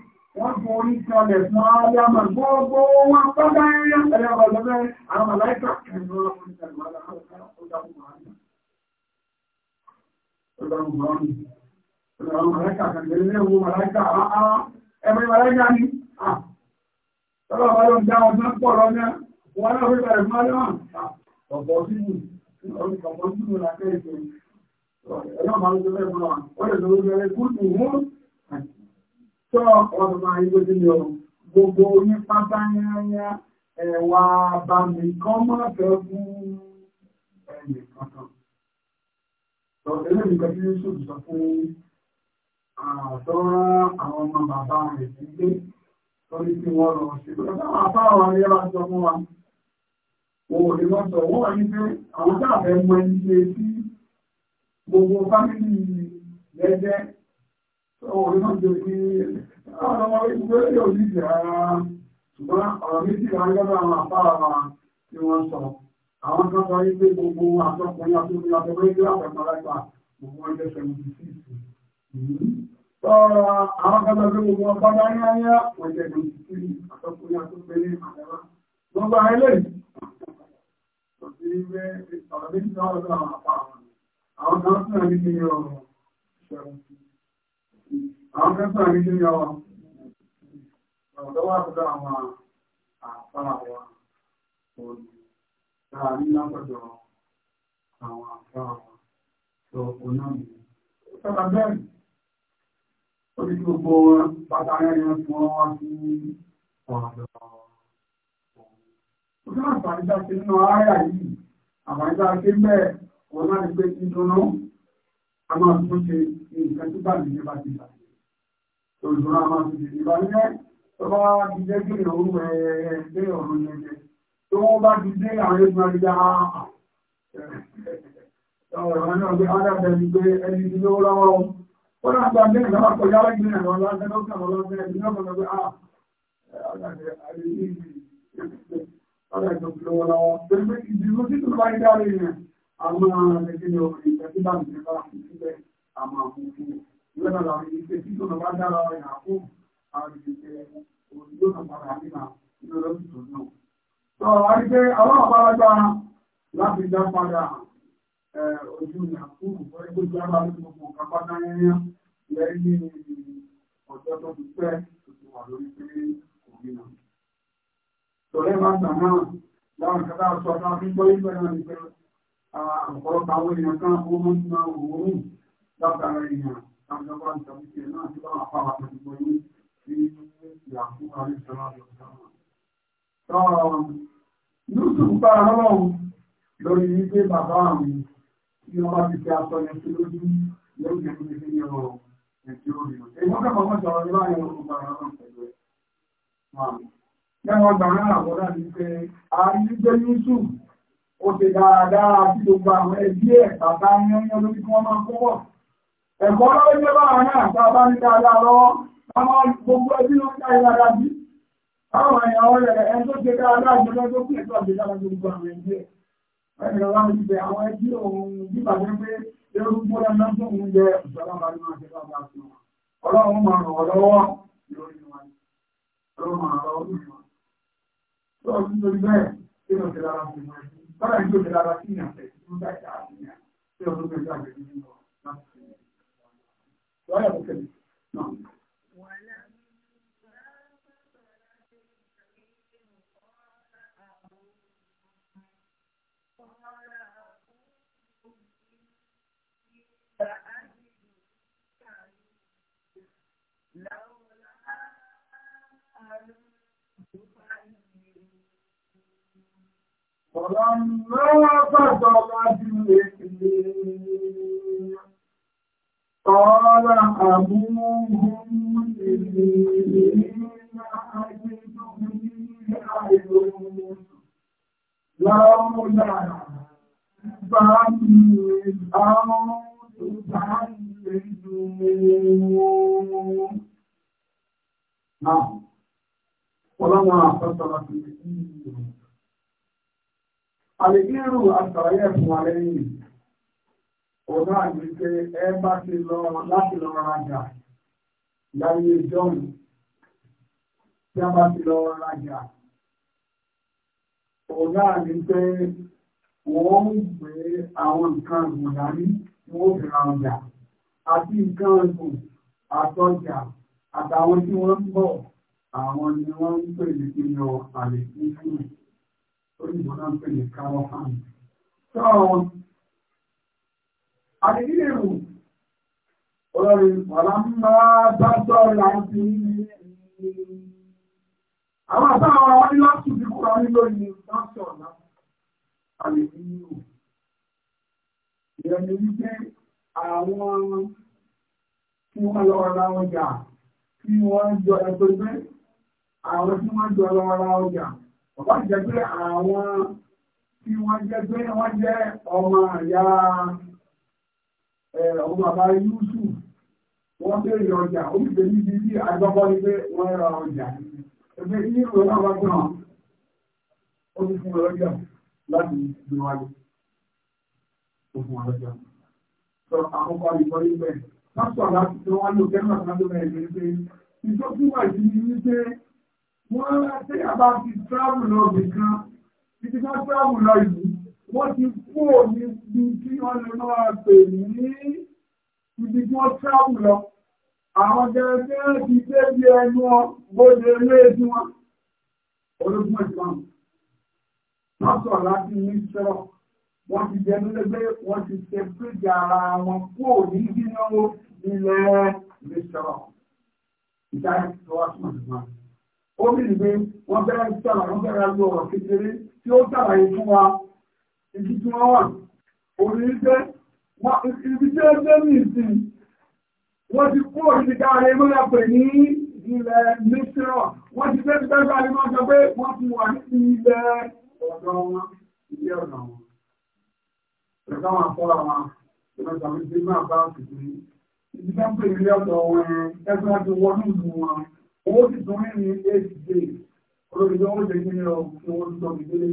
wọ́n fún orí kalẹ̀ fún aláàmà gbogbo wọn pátá ẹ̀yà ẹ̀yà ọ̀lọ́gbẹ́ àwọn màláìkà ẹ̀rọ Ọ̀pọ̀ sínú, ọ̀pọ̀ sínú làkẹ́ ìṣẹ́. Ẹ̀yọ́ máa ń jẹ́ mẹ́rin wọn, ó lè lórí ẹgbẹ́ kúrò tó ọ̀rọ̀ àìgbòdì ni ọ̀rọ̀ gbogbo ní pátá yányá ẹ̀wà àbàmì kan máa fẹ́ fún ẹnì kankan. Sọ eré nìkan tí Yusuf sọ fún àtọ́rọ́ àwọn ọmọ bàbá rẹ̀ sí pé lórí tí wọ́n lọ sí pé ọjọ́ àpá àwọn ayé bá sọ fún wa. Wọ́n ò lè lọ sọ wọ́n wà ní pé àwọn tá àfẹ́ mọ ẹni ṣe sí gbogbo fámìlì lẹ́jẹ́ Ọ̀rọ̀ náà jẹ́ kí àwọn ah, ọmọ ìgbẹ́ yóò ní ìjẹ́ ara ṣùgbọ́n ọ̀rọ̀ méjì lágbàdà àwọn àpára wa tí wọ́n sọ. Àwọn kan sọ wípé gbogbo àtọkùnrin àtọkùnrin àtọkùnrin ìgbẹ́ àpẹẹrẹ lágbà gbogbo wọn jẹ́ seventy six. Sọ̀rọ̀ àwọn kan sọ pé gbogbo ọba dáyé ayá wọ́n jẹ́ twenty three àtọkùnrin àtọkùnrin àtẹ̀wá. Gbogbo ayé lè sọ̀tí wípé ọ̀rọ̀ méjì lágbàdà àwọn àpára wa. Àwọn kan sọ̀rọ̀ àwọn kẹ́sàn ní kí ọwọ́ ọ̀dọ́wà àwọn àpára wa òní láàrin lápọ̀dọ̀ àwọn àpára wa tó ọ̀nà mi sọ́dà bẹ́ẹ̀ ó ti gbogbo pàtàkì ẹ̀yàn tí wọ́n sí ọ̀dọ̀ a máa tún ṣe nǹkan tí bá nìyẹn bá ti gbà. Òṣùwọ̀n a máa tún ṣe ìgbà yẹn tó bá ti jẹ́ kí ìrọ̀rùn ẹ̀ẹ́ dé ọ̀run yẹn jẹ. Tó wọ́n bá ti dé àwọn ẹgbẹ́ àríyá ọ̀rọ̀ náà gbé alábẹ̀ẹ́ni pé ẹni tí ó lọ́wọ́ wọ́n náà gbà mẹ́rin náà kọjá lẹ́gbẹ̀ẹ́ náà àwọn ẹgbẹ́ ọkùnrin ìtẹ́síbà ní ẹ̀ka ìṣẹ́lẹ̀ àmọ́ àkókò ìwọ́n náà làwọn ìṣẹ́ tí tó náà bá dára rẹ̀ àkó àwọn ìṣẹ́ òṣìṣẹ́ náà padà nígbà nínú lọ́sùtò náà. sọ àrígbé àwọn àbárágbá láti dá padà ojú ìyàkó ìgbọ́dẹ́gbẹ́ jábá lórí gbogbo nǹkan pátá yẹn lẹ́yìn ọjọ́ tó ti pẹ́ tó ti wà lórí pé kò rí náà. sọ̀rẹ́ máa gbà náà láwọn ìṣẹ́lá ọ̀pọ̀lọpọ̀ àwọn èèyàn kan ó mọ́ sí máa wò ó látara èèyàn àjọba ìtàbíkẹ̀ náà tí wọ́n àpá àtàdìgbò yìí sí ìyàkú àrí ìṣẹ́lá lọ́sọ̀rọ̀. Lóṣù ń bá ọlọ́run lórí wípé bàbá mi tí wọ́n bá ti fi aṣọ yẹn sí lójú yóò jẹ́ kó ti fi yẹ ọ̀rọ̀ ẹ̀jẹ̀ orí rẹ̀. Èyí wọ́n kẹ́kọ̀ọ́ mọ́ sọ̀rọ̀ ní láàrin ọdún bá ọlọ́run pẹ̀lú ẹ̀. Lẹ́wọ̀n gbàrán àbọ̀dá ni pé àárín jẹ́ Yusuf ó ṣe dáadáa sí gbogbo àwọn ẹbí ẹ̀ bàbá ní ọyún olórí kí wọ́n máa kó wọ̀. ẹ̀kọ́ lọ́wọ́ jẹ́ bá náà tá a bá ní dáadáa lọ́wọ́ àwọn gbogbo ẹbí ló ń ká ilé ara bí. àwọn èèyàn ọ̀rẹ́ rẹ̀ ẹni tó ṣe dáadáa jù lọ́jọ́ kí ẹ̀tọ́ ṣe dáadáa gbogbo àwọn ẹbí ẹ̀. ẹ̀rọ wa ti bẹ àwọn ẹbí òun bíbà jẹ́ pé ewu gbọ́dọ̀ náà tó ń jẹ bẹ́ẹ̀ kí ló ti lára fún wọn. Para el de la se disfruta esta vacina, pero no me da que no más. Ahora, ¿por No. لولا أن فلما فصل بالإثنين قال أبوهم إني أجدني عيون لولا فمي أو تبلدون نعم ولما فصل بالإثنين àlèkírù àtàràyẹ̀ fún àlẹ́yìn ọ̀dọ́ àgbẹ̀kẹ́ ẹ bá ti lọ láti lọ rajà láyé john tí a bá ti lọ rajà ọ̀dọ́ àgbẹ̀kẹ́ wọ́n ń gbé àwọn nǹkan ọ̀gbọ̀n dání tí wọ́n fi ra ọjà àti nǹkan ọ̀gbọ̀n àtọ́jà àtàwọn tí wọ́n ń bọ̀ àwọn ni wọ́n ń pè ní oríṣìí náà ń pè ní káwọ́ fáàmù. So, àdìgílẹ̀ ìrù olórin ọ̀la ń bá bá sọ̀rọ̀ láti ní àwọn àtàwọn ọmọ ní láti fi kúrò nílò ní fásọ̀ náà. Àdìgílẹ̀ ìrù. Ìrẹ̀lẹ̀ wípé àwọn tí wọ́n lọ ra ọjà tí wọ́n jọ ẹgbẹgbẹ́ àwọn tí wọ́n jọ lọ ra ọjà bàbá jẹ́ pé àwọn tí wọ́n jẹ́ pé wọ́n jẹ́ ọmọ àyà eh, ọmọ bàbá yúsù wọ́n bèèrè ọjà oríṣẹ́ níbi bí agbọ́gbọ́ ní pé wọ́n ra ọjà ẹgbẹ́ ilé ìwé náà wá gbọ́n ó ti fún ọlọ́jà láti gbé wáyé ó fún ọlọ́jà sọ àkọ́kọ́ ìbọn níbẹ̀ pásítọ̀ láti tí wọ́n lò kẹ́kọ̀ọ́ kan tó bẹ̀rẹ̀ pé ìjọ fún wà sí ní pé wọ́n rántí àbá ti tíráàmù lọ nìkan títí ká tíráàmù lọ yìí wọ́n ti kú òní bí kí wọ́n lè máa pè ní ibi tí wọ́n tíráàmù lọ àwọn gẹ́gẹ́ ti débi ẹnu bóde léèdú wọn ológun ìsàn pásọ̀ láti ní sọ̀rọ̀ wọ́n ti jẹ́ lólẹ́gbẹ́ wọ́n ti ṣe péjì ara wọn kú òní bí náwó ilẹ̀ ìsọ̀rọ̀ ìdájọ́ wá sí ọ̀sán ó rí ìgbé wọ́n bẹ́rẹ̀ sára wọ́n bẹ́rẹ̀ lọ ọ̀rọ̀ kékeré tí ó sàlàyé fún wa ibi tí wọ́n wà orí jẹ́ ibi tí ó jẹ́ ní ìsìn wọ́n ti kó òṣìṣẹ́ káàrẹ mọ́ra pè ní ilẹ̀ mẹ́sìrọ̀ wọ́n ti fẹ́ fẹ́ bá ní máa sọ pé wọ́n ti wà ní ilẹ̀ ọ̀dọ̀ wọn ilé ọ̀nà wọn. Ìjọba wọn fọ́ra wọn, ìjọba ìjọba ìjọba bá ti pè ní ibi tí wọ́n pè ní ilé ọ̀dọ̀ wọn ẹgbẹ́ wọn ti wọn owó ti tún ní eight days olóògbé owó jẹ kí ni ọ kí owó ti tọ́ mi délé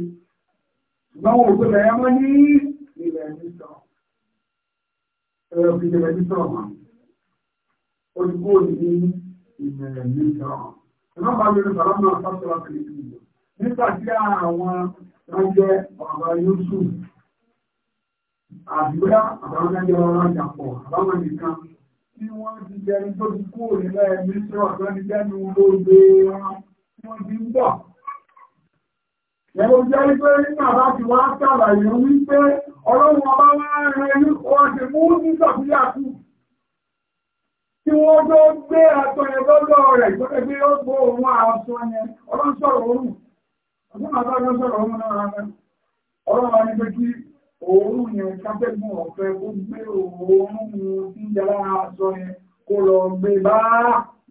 ṣùgbọ́n wọn ò pé bẹ̀rẹ̀ wọn ní ilẹ̀ nìkan ẹ̀rọ fi ilẹ̀ nìkan hàn ó ti kúrò ní ilẹ̀ nìkan ẹ̀rọ bá mi rí bàbá náà sọ́tọ̀ láti lè fi nígbà tí àwọn wọn jẹ́ bàbá Yusuf àbúrá àbáwọn jẹ́ ọlọ́run tí wọ́n ti jẹni tó ti kú òrìlẹ̀ ẹ̀mí tí wọ́n ní jẹ́nu ló wọn tí wọ́n ti ń bọ̀. Ẹ̀wọ̀n jẹ́ wípé nígbà bá ti wá wípé ọlọ́run ọba wọ́n ti mú ní sàkúyàkú. Tí wọ́n tó gbé aṣọ yẹn lọ́dọ̀ rẹ̀ tó gbé òun aṣọ yẹn, ọlọ́run sọ̀rọ̀ òun. òórùn yẹn kápẹ́gùn ọ̀fẹ́ kó gbé òórùn yẹn tí ń yàrá aṣọ yẹn kó lọ gbé bá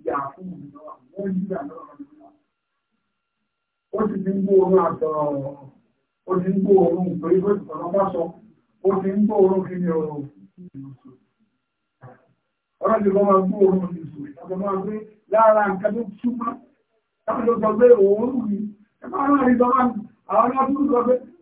yà fún mi lọ́wọ́ àwọn onígbà lọ́wọ́ nígbà. ó ti ti ń gbó òórùn àtọ̀ ó ti ń gbó òórùn pé ó ti kọ̀ọ̀kan bá sọ ó ti ń gbó òórùn kí ni ọ̀rọ̀ ọ̀rọ̀ ti kọ́ máa gbó òórùn ní ìṣòro ìtàkọ́ máa gbé lára nǹkan tó túmọ̀ táwọn ló sọ pé òórùn yìí ẹ máa rán àrídọ́ máa àwọn ọlọ́dún sọ pé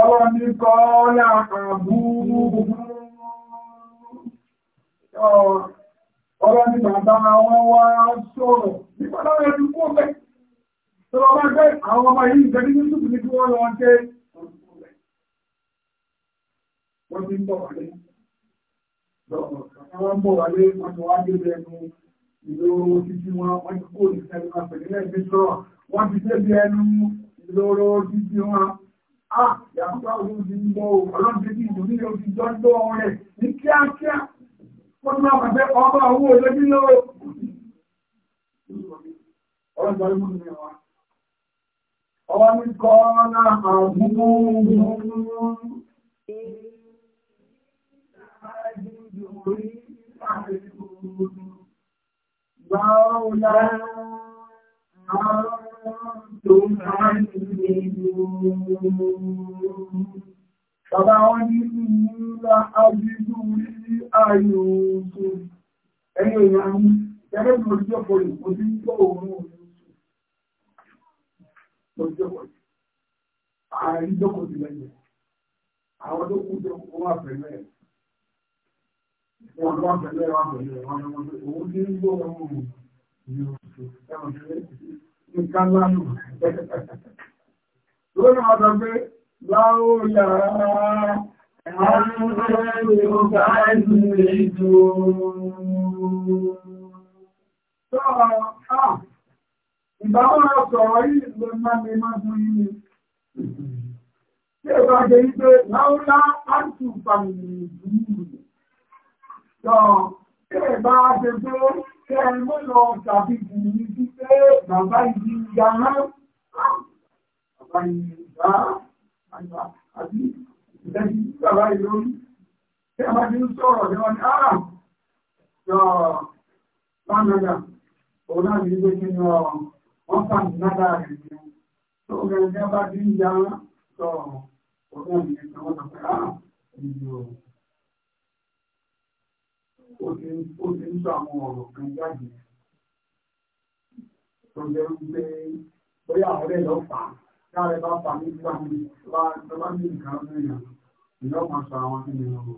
Ọlọ́ ni kọ́ọ́lá àbúrú. Ọlọ́ ní bàbá wọn wa sọ̀rọ̀ nípa láwọn ẹni kú ọ̀fẹ́. Tọ́lọ bá gbé àwọn ọmọ yìí ìgbẹ́ ní Yúsùfù ní kí wọ́n lọ jẹ́ Wọ́n ti ń bọ̀ wálé. Wọ́n ń bọ̀ wálé, wọ́n ti wá gbé ẹnu ìlú títí wọn, wọ́n ah yàtúbà òun ti ń bọ ọlọ́dẹ́bí ìdòmí yóò fi jọ́jọ́ rẹ̀ ní kíákíá wọ́n tún àwọn àgbẹ̀ àwọn كنتم عنه Bàbá wọn ní ìmúlá àjíjú orí ààyò oṣù ẹni èèyàn mú, ẹgbẹ́ ìlú ojú ọ̀pọ̀ ìpò tí ń tọ́ òun oṣù. Lọ́jọ́pọ̀ ààrí jọ́kọ̀ sí lẹ́yìn, àwọn tó kú jọ wọ́n wà pẹ̀lẹ́ Wọ́n wá pẹ̀lẹ́ wá pẹ̀lẹ́ wọ́n ni wọ́n tó òun tí ń gbọ́ ọmọ ìrìn oṣù, ẹmọ̀ nǹkan lórí ọ̀dọ̀ pé láwọ́ yàrá àwọn ọ̀rọ̀ ìjọ ìbáwọn ọ̀sọ̀rọ̀ yìí ló máa ní máa fún yìí tí ó bá jẹ́ wípé láúlá àtùpàmì ìlú tọ́ tí ó bá jẹ́ kẹ ẹ mọ́ lọ tàbí ìyí sí pé bàbá yìí ya rán bàbá yìí bá àgbà àti ìdẹ́jú bàbá yìí lórí kẹ ẹ bá ti ń sọ̀rọ̀ ní wọn ni áà yọ lánàá òun náà ní gbé kí ni wọ́n fà ní nádà rẹ̀ ní tó gẹ̀ẹ́gẹ́ bá ti ń ya rán sọ̀rọ̀ òun náà ní gbé kí ó ti ń sọ àwọn ọ̀rọ̀ kan jáde tó jẹ́ wípé bóyá ọ̀rẹ́ lọ fà á káàrẹ̀ bá fà nígbà mi tó bá ní nǹkan mìíràn èèyàn máa sọ àwọn ènìyàn rò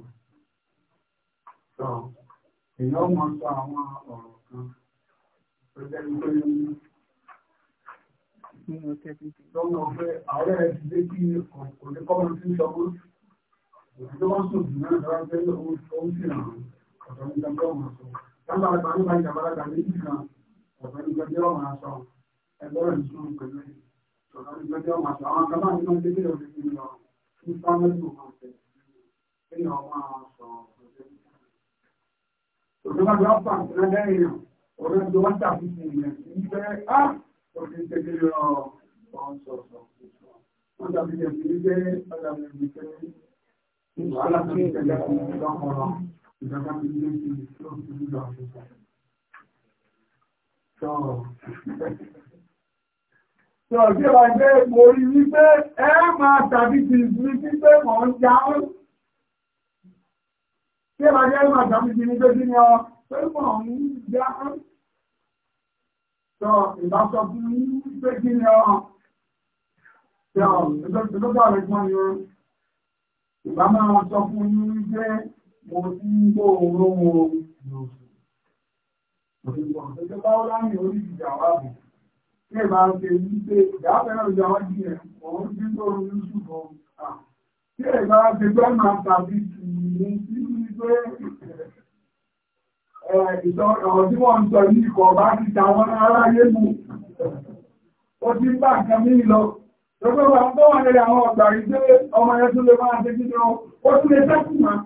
sọ èèyàn máa sọ àwọn ọ̀rọ̀ kan tó jẹ́ wípé lọ́nà ọ̀fẹ́ ààrẹ ti dé kí òní tí ń sọ pé òṣìṣẹ́ wọn sùn jù náà dára pé òun sì ràn án ọ̀tọ̀ ní gbẹgbẹ́ ọmọ sọ lágbàlagbà ló bá ìjàmbálagbà méjì kan ọ̀tọ̀ ní gbẹgbẹ́ ọmọ sọ ẹgbọ́rọ̀ ní sún pẹ̀lú ẹ̀ ọ̀tọ̀ ní gbẹgbẹ́ ọmọ sọ àwọn kan bá nínú ilé ìlú ní ìlú lọ ní fámẹ́lì ọmọ ọ̀tẹ̀ ní ọmọ sọ ọ̀tọ̀ bá gbọ́ pàǹtí lẹ́yìn ọ̀rẹ́ tó wọ́n tàbí sí ilẹ̀ ní bẹ́ẹ̀ á òfin tẹ́lẹ̀ lọ ọ̀hún sọ̀tọ̀ wọ́n tàbí sí ilẹ̀ ní bẹ́ẹ̀ ìjọba ti lé sí tó ti lọ àṣìṣe. Sọ ọ̀gbẹ́ wa jẹ́ mo rí wípé ẹ máa tàbí ti ní wípé mọ̀ ń já ọ́. Ṣé wa jẹ́ máa tàbí ti ní pé kí ni ọ pé mọ̀ Sọ fún mi wípé mo ti ń gbọ́ oòrùn lòsù. Òṣèlú báwo láàrin orí ìjà wà bù. Kí ẹ máa ṣe ní pé ìjà fẹ́ràn ìjà wá jí ẹ̀, òun ti ń gbọ́ oòrùn lòsù kan. Kí ṣe pé máa tàbí tìmí sí ní pé ọ̀rọ̀ tí wọ́n ń sọ yìí kọ̀ bá ti ta wọn aráyé mú. Ó ti ń bá nǹkan mí lọ. Lọ́gbọ́n wa ń bọ́ wọn lórí àwọn ọ̀gbà ìgbé ọmọ ẹ̀ tún lè máa ṣe kí ó tún lè sẹ́kùn máa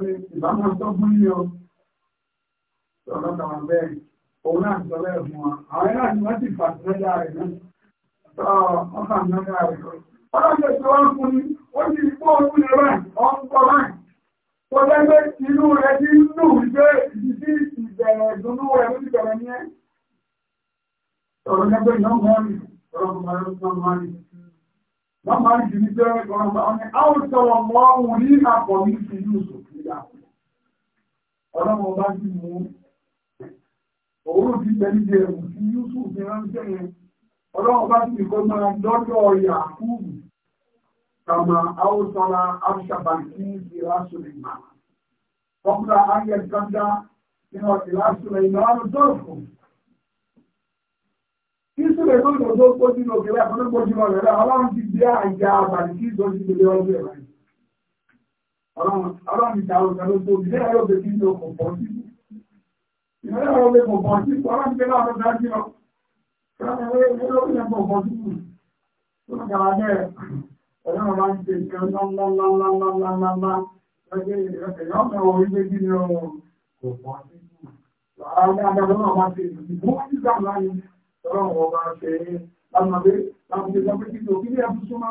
ìbámu ọgbọ́n ní ọ sọ̀rọ̀ kàwọn bẹ́ẹ̀ òun náà sọ bẹ́ẹ̀ fún wa àwọn ẹ̀rọ àti wọ́n ti fà sẹ́dá rẹ̀ náà sọ ọkà mẹ́ta rẹ̀ lọ. ọlọ́jọ́ tí wọ́n fún ni ó ti kó ojú rẹ̀ báyìí ọ̀n kọ́ báyìí. tó lẹ́gbẹ́ inú rẹ̀ ti ń lù wípé ìdí ìbẹ̀rẹ̀ ìdùnnú rẹ̀ ló ti bẹ̀rẹ̀ ní ẹ́. sọ̀rọ̀ lẹ́gbẹ́ ìyá mọ́rin ọ̀rọ̀ mọ́rin mọ́rin kì í jẹ́ ọ̀rọ̀ mọ́rin ìgbà ọlọ́wọ́ bá ti mú òórùn ti tẹ́lídé ẹ̀wù tí Yusuf ti ránṣẹ́ yẹn ọlọ́wọ́ bá ti kó máa dọ́dọ̀ ọ̀yà fúùbù kàmà áwùsọ́lá àṣàbàkí ìlà Suleiman kọ́kúrà ayé kájá nínú ìlà Suleiman lọ́rùn dọ́ọ̀fù Ìṣúlẹ̀ tó lò tó kó sínú òkèlè àkọ́lẹ́gbọ́jú lọ rẹ̀ ọlọ́run ti gbé àjà àbàlì kí ìjọ́jú ilé ọdún ẹ̀rọ Ọlọ́run ìta ọ̀sán ló tó ìdílé ọ̀rọ̀ òbí kí ní okùn pọ̀ sí. Ìdílé ọ̀rọ̀ òbí kò pọ̀ sí, ọlọ́run ìgbélé ọ̀rọ̀ dájú lọ. Ọlọ́run ìgbélé ọ̀rọ̀ pọ̀ sí. Ọlọ́run máa ń ṣe ìkan lọ́lọ́lọ́lọ́lọ́lọ́lọ́lọ́. Ẹgbẹ́ ìrẹsẹ̀ yọ́mọ̀ orí gbé kí ní ọ̀rọ̀ kò pọ̀ sí. Àwọn adájọ́ náà máa ṣe ìbò sí ìgbàmọ́ láyé. Ọlọ́run ọba ṣe é. Lámọ̀dé, lámọ̀dé lọ́pẹ́ kí ní òkú ní ẹ̀fún súnmọ́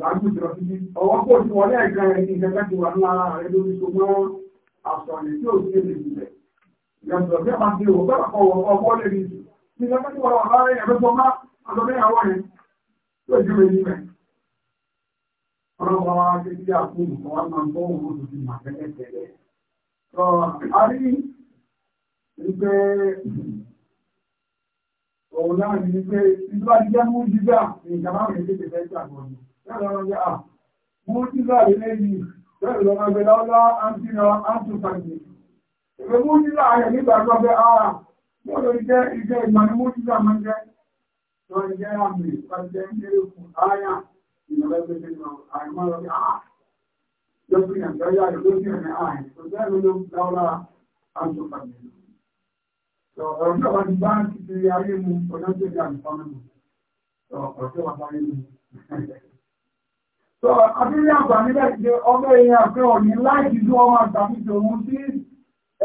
lágbèjọ sí ọwọ́ pọ̀ sí wọlé ẹ̀ka ẹni ìjọba ti wà lára rẹ̀ lórí ṣùgbọ́n àṣọ̀lẹ̀ tí ó sí èdè ìbílẹ̀ ìyàtọ̀ bí a máa fi òwò bẹ́ẹ̀ kọ́ ọwọ́ lè rí jù ní ìjọba ti wà lára rẹ̀ ẹ̀fẹ́ tó máa àtọ́lẹ́ àwọ̀ rẹ̀ tó ìjú rẹ̀ níbẹ̀ ọlọ́pàá wa ti di àkóhùn kọ́ òun náà ní pé ìjọba ti jẹ́ mú jíjà ní ìjàmbá mi tètè fẹ́ gbàgbọ́ ni lẹ́yìn lọ́wọ́ jẹ́ à mú jíjà lé lẹ́yìn lẹ́yìn lọ́wọ́ ẹgbẹ́ lọ́wọ́ àǹtínà àǹtùfàǹdì ìwé mú jíjà ayẹ̀ nígbà tó fẹ́ ara yóò lórí jẹ́ ìjẹ́ ìmọ̀ ni mú jíjà máa ń jẹ́ lọ́wọ́ jẹ́ àmì ìpàdé kéré fún àyà ìrọ̀lẹ́gbẹ̀ẹ́ àìmọ́ lọ́wọ́ àà lọ́sìn àjọyà ìlú ọ̀rọ̀ náà wà ní báńkì ti ayé mu ọjọ́ tó di àǹfààní mu ọ̀rọ̀ tó wà láyé mu. sọ abílẹ̀ àǹfààní bẹ́ẹ̀ ti ọmọ èèyàn àfẹ́ òní láìsí tí wọ́n máa ṣàfihàn òun sí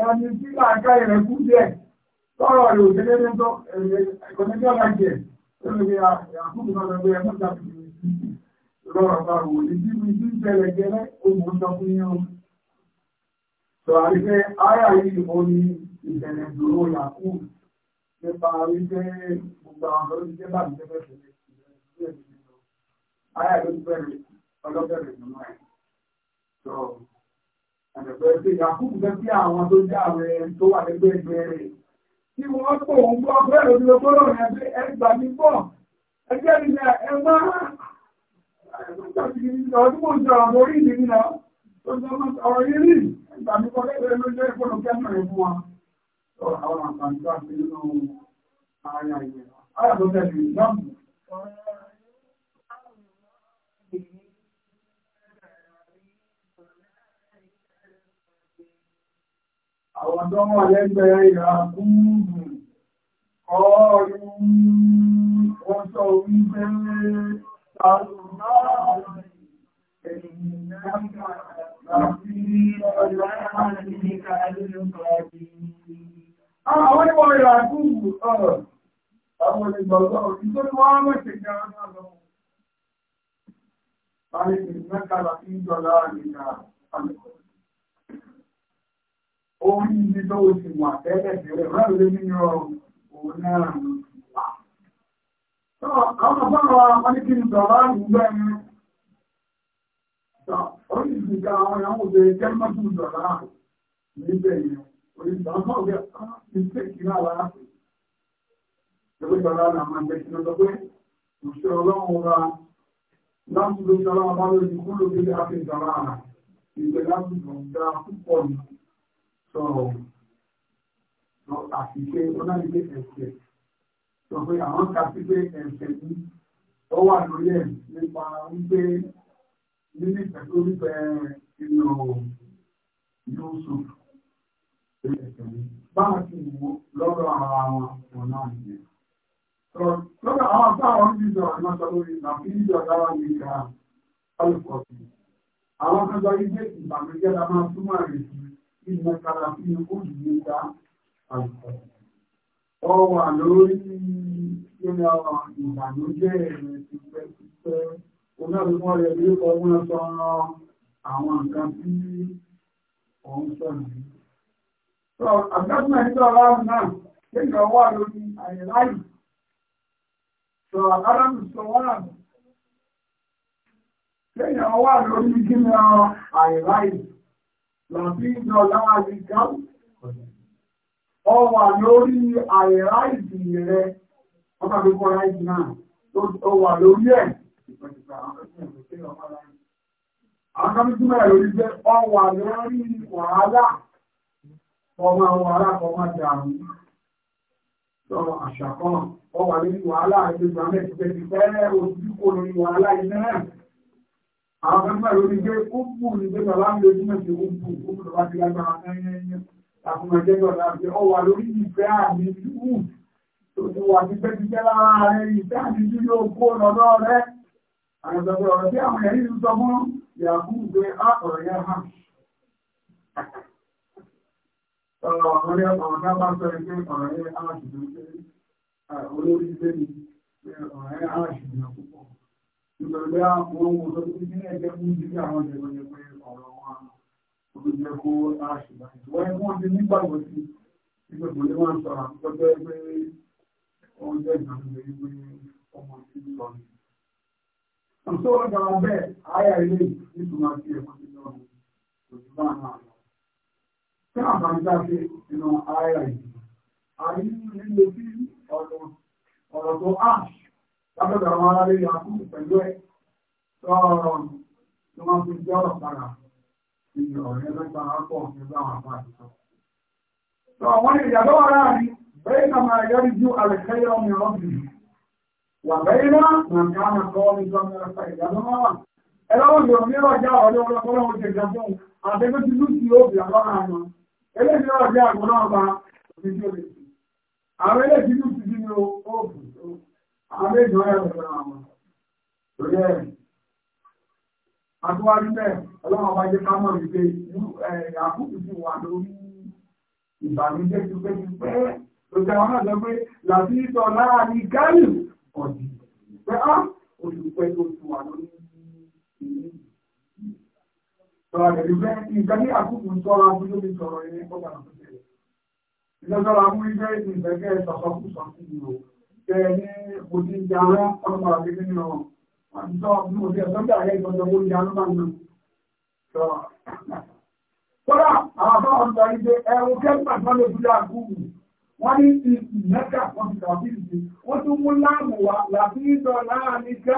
ẹni tí láàká rẹ̀ kú díẹ̀ sọ̀rọ̀ rẹ̀ òṣèlé ní tó ẹ̀kọ́nẹ́jọ́ láìjẹ̀ lórí àkókò náà lọ́gbẹ́ ẹ̀kọ́ ṣàfihàn lọ́rọ̀ bá wò ní bí mi ti ń tẹ̀lẹ̀ gẹ́lẹ́ ó mọ̀ ń sọ fún yín ìbẹ̀rẹ̀ ìdúró yàkú nípa wípé gbogbo àwọn ọ̀dọ́ ti débà ní tẹ́fẹ́ tẹ́lẹ̀ ìbẹ̀rẹ̀ ìdúró. Ayà ló bẹ̀rẹ̀ ọlọ́bẹ̀rẹ̀ nínú ẹ̀. Sọ àdẹ̀pẹ́ pé yàkú fẹ́ kí àwọn tó jẹ́ àwẹ̀ tó wà lẹ́gbẹ́ ìbẹ̀rẹ̀. Kí wọ́n pò ń gbọ́ bẹ́ẹ̀rẹ̀ òdúró tó lọ́rùn ẹgbẹ́ ẹgbà mi pọ̀. Ẹgbẹ́ mi náà ẹ má ọdún mò Ọ̀rọ̀ yìí rí ìgbà mi kọ́ lẹ́gbẹ̀ẹ́ ló jẹ́ ìfọ̀nà kẹ́mẹ̀rẹ̀ fún wa àwọn àǹfààní tó àti nínú ara ìyẹn. Ara tó tẹ̀lé ìdáàbò. Àwọn tó wà lẹ́gbẹ̀ẹ́ ìrà kúrù ọrùn wọ́n sọ wípé àrùn náà ẹ̀yìn náà láti ọjọ́ àti ìkàlẹ̀ ọ̀gbìn. Ah, àwọn ìwọ̀n rẹ̀ àdúgbò ọ̀rọ̀. Ah, àwọn ìgbàlọ́ ìgbàlọ́ wọn mọ̀ sí ìjọ náà lọ. Báyìí ti mẹ́kàlá sí ìjọ láàrin náà. Orí ibi tó ti wà tẹ́lẹ̀ tẹ́lẹ̀ rẹ̀ lé nínú òun náà lọ. Àwọn àbára wọn ní kí n sọ láàrin gbẹ̀mí. Orí ìgbìkà àwọn ìyàwó bẹ̀rẹ̀ kẹ́mọ́tù dọ̀lá níbẹ̀ yẹn. Olùsọ̀ọ́sọ̀ wí ọ̀kan ní tẹ́kì náà lára pè. Ìjọba ìjọba náà máa ń tẹ́kì náà sọ pé, òṣèré ọlọ́run ra láti lóṣù ọlọ́run bá lóṣù kú lóbi láti ìjọba àrà. Ìgbé láti gbọ̀ngá púpọ̀ ni sọ̀rọ̀ lọ àti pé ọlọ́run ẹ̀sẹ̀. Sọ pé àwọn kà sí pé ẹ̀sẹ̀ ní ọ wà lórí ẹ̀ nípa wípé nínú ìfẹ́ tó nífẹ̀ẹ́ ìlú Yusuf báwọn ti wù lọ́dọ̀ ara wọn wọn náà nìyẹn. lọ́dọ̀ àwọn táwọn ń bíjọ àmọ́sọ lórí nàfi ìjọ dára ní ìka alùpùpù. àwọn kan sọ ilé ìbànújẹ́ la máa túmọ̀ rẹ̀ sí ìmọ̀ kára fi ojú ní ká alùpùpù. ọ wà lórí ìpínlẹ̀ ọ̀rọ̀ ìbànújẹ́ rẹ̀ ti pẹ́ ti pẹ́ onáàlùmọ́ rẹ̀ ló kọ́ wọn sọ àwọn nǹkan tí òun sọ nìyí. So adjustment tó ráàrùn náà kéèyàn wà lórí àìláì. So àkáràmù sọ wọ́n náà kéèyàn wà lórí gíní àìláì. Làbí ìjọ láàrin gáwù. Ọ wà lórí àìláì rẹ, ọkà tó kọ́ láì náà. Ó wà lórí ẹ̀. Àwọn kan tó túnmọ̀ lórí jẹ́ ọ wà lórí wàhálà ọmọ àwọn alákọ̀ọ́mọ́ dàmú lọ́rọ̀ àṣàkọ́nà ọ wà lórí wàhálà ìgbégbà mẹ́tẹ̀ẹ́ ti fẹ́ ojú kò lórí wàhálà iná náà àwọn akẹ́kọ̀ọ́ lórí gbé kúkú ní pé bàbá ń lójú mẹ́tẹ̀ kúkú kúkú lọ́wọ́ ti lágbára ẹ̀yẹnyẹ àfúnmọ̀jẹ́ gbọ́dọ̀ àti ọ wà lórí ìfẹ́ àmì wù tó ti wà ti pẹ́ ti pẹ́ lára rẹ̀ ìfẹ́ àmì jù yóò kó lọ́dọ̀ rẹ̀ àwọn ìgbàgbọ́ ọ̀rọ̀ tí àwọn ẹ̀rí ń sọ fún yàgùn pé á ọ̀rẹ́ ọ̀rẹ́ aláṣìṣẹ́ olórí ilé ni ọ̀rẹ́ aláṣìṣẹ́ púpọ̀ nítorí àwọn ohun tó ti ní ẹgbẹ́ mú sí àwọn ìjọba yẹn pé ọ̀rọ̀ wọn olóòjẹ́ kó aláṣìṣẹ́ wọ́n ẹ̀kọ́ ti nígbàgbọ́ sí ìgbàgbọ́ ní wọ́n tí àwọn àgbà ṣe nínú ara yìí àyí nílò sí ọ̀rọ̀ tó ash lábẹ́bẹ̀ yàkú pẹ̀lú ẹ̀ sọ̀rọ̀ tó máa fi jẹ́ ọ̀rọ̀ padà ọ̀rẹ́ mẹ́ta pọ̀ nígbà àwọn àpá àtìsọ. sọ wọ́n lè yàtọ̀ ara rí bẹ́ẹ̀ náà máa yọrí ju àlẹ́kẹ́yọ̀ mi eléyìí náà jẹ́ àgbọ̀n náà bá ìdíjọ́ lè fi àwọn eléyìí tó ti di ní oòbù tó àwọn méjì wọ́n yàtọ̀ sọ́nà àwọn lórí ẹ̀ àtúwájú bẹ́ẹ̀ ọlọ́wọ́n bá jẹ́ ká mọ̀ wípé àkókò ti wà lórí ìbànújẹ́ ti pẹ́ ti pẹ́ lójú àwọn náà sọ pé làbí ìtọ̀ lára ní gáàlù ọ̀dì á òṣùpẹ́ ah, tó ti wà lórí ìlú Sọ̀rọ̀ àgbẹ̀dẹ̀ fẹ́ nǹkan ní àkókò ń tọ́ra fún lórí sọ̀rọ̀ ilé kọ́gbà náà fún tẹ̀lé. Ìjọsọ́ra mú ilé ìgbẹ́ kẹ́ sọ̀sọ́kù sọ sí ìlú. Kẹ́ ní kò ní ìjà rẹ̀ ọmọ àgbẹ̀dẹ̀ nínú ọ̀rọ̀. Àtijọ́ bí mo ṣe sọ́jà rẹ̀ ìjọba ó ya lọ́gbà náà. Sọ̀rọ̀. Kọ́dà àwọn afọ́wọ́n sọ ilé ẹ̀rù kẹ́gbà kan ló dúró àkókò. Wọ́n ní ìmẹ́ta wọn ti kàwé ìdí. Wọ́n tún mú láàmù wa làbí ìtọ̀ láàrin ká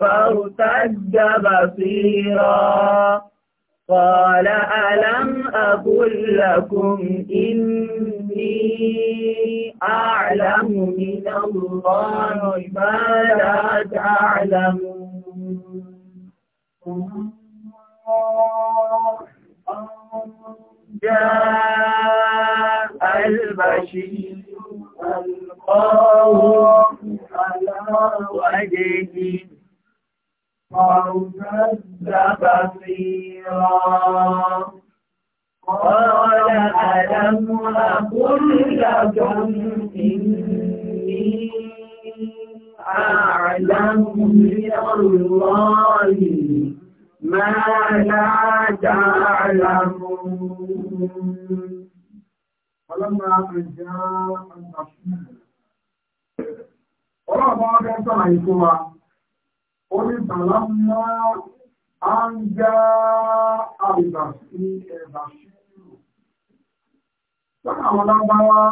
فارتد بصيرا قال ألم أقل لكم إني أعلم من الله ما لا تعلمون جاء البشير ألقاه على وجهه أو كذب بصيرا قال ألم أقل لكم إني أعلم من الله ما لا تعلمون فلما أن جاء الرسول ọlọ́pàá ọdún sọ̀rọ̀ onye á ń já a ẹ̀bà ṣílù. Lọ́nà àwọn lágbára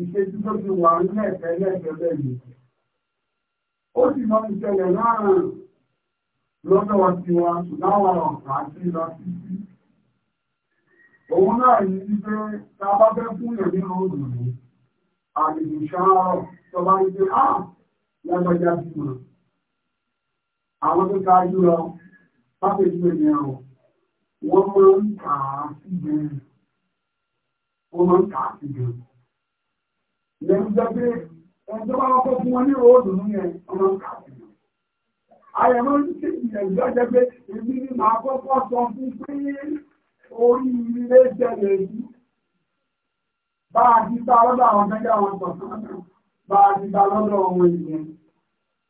ìṣẹ́jú tó ti wà ní ẹ̀fẹ́lẹ́fẹ́lẹ́ yìí. Ó sì mọ́ ìṣẹ̀lẹ̀ láàrin lọ́dọ̀ ti wa láwọn ọ̀pá sí lọ sí sí. Òun náà ní wípé ta bá fẹ́ fún yẹ̀ nínú òdòdó, àlèmìṣàárọ̀ tọba ní pé, "Ah, lágbàjá àwọn tó ṣáájú lọ pápẹ́jú ènìyàn wọ́n máa ń kà sí bẹ̀rẹ̀ wọ́n máa ń kà sí bẹ̀rẹ̀ lẹ́nu ẹjọ́ bá wọ́pọ̀ fún wọn ní orí ilé ṣẹlẹ̀ yìí bá a ti ta lọ́dọ̀ àwọn tẹ́jà wọn sọ̀tàn bá a lọ́dọ̀ àwọn ènìyàn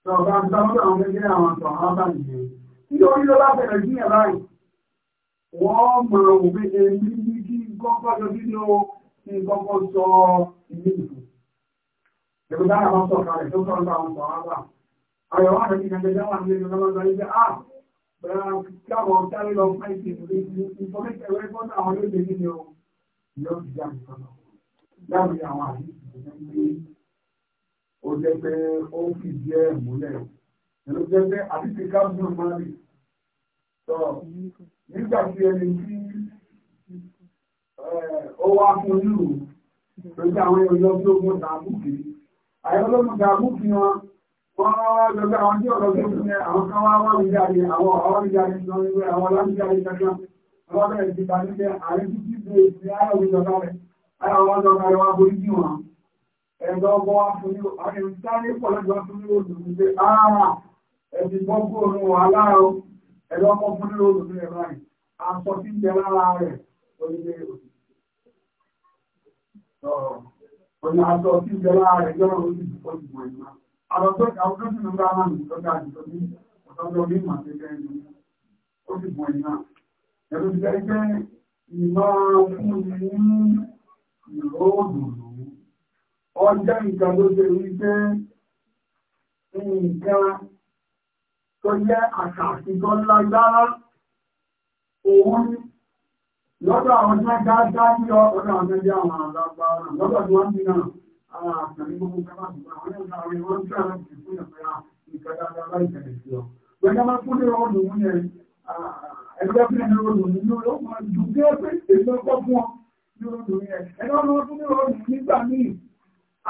Sọ̀rọ̀ ń sọ́rọ̀ àwọn ẹgbẹ́ àwọn sọ̀rọ̀ bá nìyẹn. Nítorí ló bá bẹ̀rẹ̀ sí ẹ̀ báyìí, wọ́n mọ̀ òwe ẹni ní kí kọ́kọ́ lọ sí ló kí kọ́kọ́ sọ ilé ìfò. Ẹ̀rọ bá àwọn kalẹ̀ tó sọ̀rọ̀ bá àwọn sọ̀rọ̀ bá. Àyọ̀ wà ní ìgbàgbé dáwà ní ẹnu lọ́wọ́ sọ̀rọ̀ pé à bẹ̀rẹ̀ káwọn sáré lọ fún ẹ̀sìn ìfọ̀mẹ́sẹ̀ rẹ̀ fọ́nà àwọn olóògbé nínú ìyọ́ ìjà ìfọ̀nà. Láàrin àwọn àdéhùn ó jẹ́ pé ó fi díẹ̀ múlẹ̀ ló jẹ́ pé àdìsí kábùnù máa rí tọ́ nígbà tí ẹni tí ó wá fún nílùú lójú àwọn èèyàn tí ó mú dàbùkì àyọ́lọ́mù wọn wọ́n lọ́gbẹ́ àwọn tí ọ̀rọ̀ tó fún àwọn kan wá wá ní jáde àwọn ọ̀rọ̀ ní jáde lọ ní àwọn lámìjáde kankan wọ́n bẹ̀rẹ̀ sí ìgbà nílẹ̀ àrídìsí bèèrè sí ayọ̀ ẹ̀rọ ọgbọ́ wa fún yóò àwọn èèyàn sáré pọ̀ lọ́jọ́ wa fún yóò lùmí pé ààrà ẹ̀sìn bọ́ kú òun wà láàárọ̀ ẹ̀rọ ọkọ̀ fún yóò lùmí ẹ̀rọ rẹ̀ aṣọ tí ń jẹ lára rẹ̀ onílé òsì. Ọ̀nà aṣọ tí ń jẹ lára rẹ̀ yọ̀rọ̀ ló ti dùkọ́ ìgbọ̀ ìgbà. Àwọn tó àwọn tó sì ń bá máa nìyí tó ọjọ́ nǹkan ló ṣe rí pé nǹkan tó jẹ́ àkàtì tó lágbára òun lọ́dọ̀ àwọn tí wọ́n dáadáa ní ọ̀dọ̀ àwọn ẹgbẹ́ àwọn alágbára lọ́dọ̀ tí wọ́n ti náà àwọn àkàtì gbogbo kábàtìgbà àwọn ẹgbẹ́ àwọn ẹgbẹ́ wọn tí wọ́n ti fún ìyàpẹ́ra nǹkan dáadáa láì tẹ̀lé sí ọ. gbẹ̀gbẹ́ máa kú ní ọdún mú yẹn ẹgbẹ́ fún ẹni ọdún nínú ọlọ́pàá dùn bí ẹgbẹ́ ìgbẹ́ ọkọ̀ fún ọ ní ọdún yẹn ẹgbẹ́ ọdún nígbà míì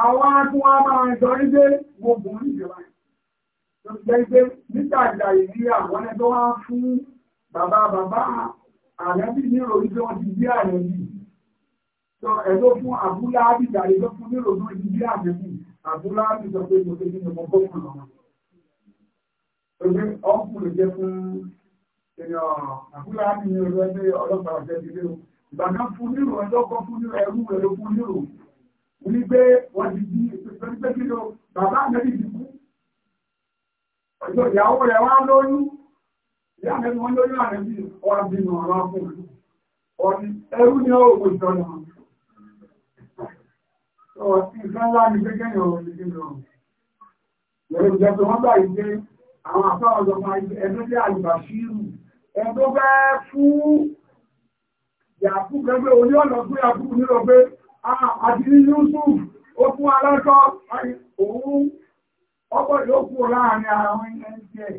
àwọn tí wọ́n máa jọ ní pé gbogbo ní ìjọba tó jẹ́ pé nígbà ìgbà ìrí àwọn ẹgbẹ́ wá fún bàbá bàbá àlẹ́bí ní ìròyìn tí wọ́n ti gbé àrẹ yìí tó ẹ̀dọ́ fún àbúlá àbìjà ìjọ fún ní ìròyìn ti gbé àrẹ yìí àbúlá àbìjà pé mo ti gbé mo bọ́ fún lọ́wọ́ ẹgbẹ́ ọkùnrin jẹ́ fún ènìyàn àbúlá àbìjà ìjọ ẹgbẹ́ ọlọ́pàá ọ̀jẹ́ ìgbà kan fún nírò ẹjọ́ kan fún nírò ẹrú rẹ̀ ló fún nírò ní pé wọ́n ti di ìpínlẹ̀ pé bàbá àmẹ́bí ti kú ọjọ́ ìyàwó rẹ̀ wá lóyún ìyá àmẹ́bí wọ́n lóyún àmẹ́bí wọ́n bí nù ọ̀rọ̀ fún mi ọ̀nì ẹrú ni ó wò ìjọba nǹkan ńlá ni pé kẹ́yìn ọ̀rọ̀ ní kíni ọ̀rọ̀ ìjọ pé wọ́n gbà yìí pé àwọn àfáwọn ọmọ ẹgbẹ́ jẹ́ àlùbàṣírù ẹgbẹ́ fún yàkú gẹ́gẹ́ oní ọ̀nà fún yàkú nílò pé Ah, àdìrí Yusuf ó fún alọ́tọ́ òun ọgbọ́n yóò kú láàrin àwọn ẹni jẹ́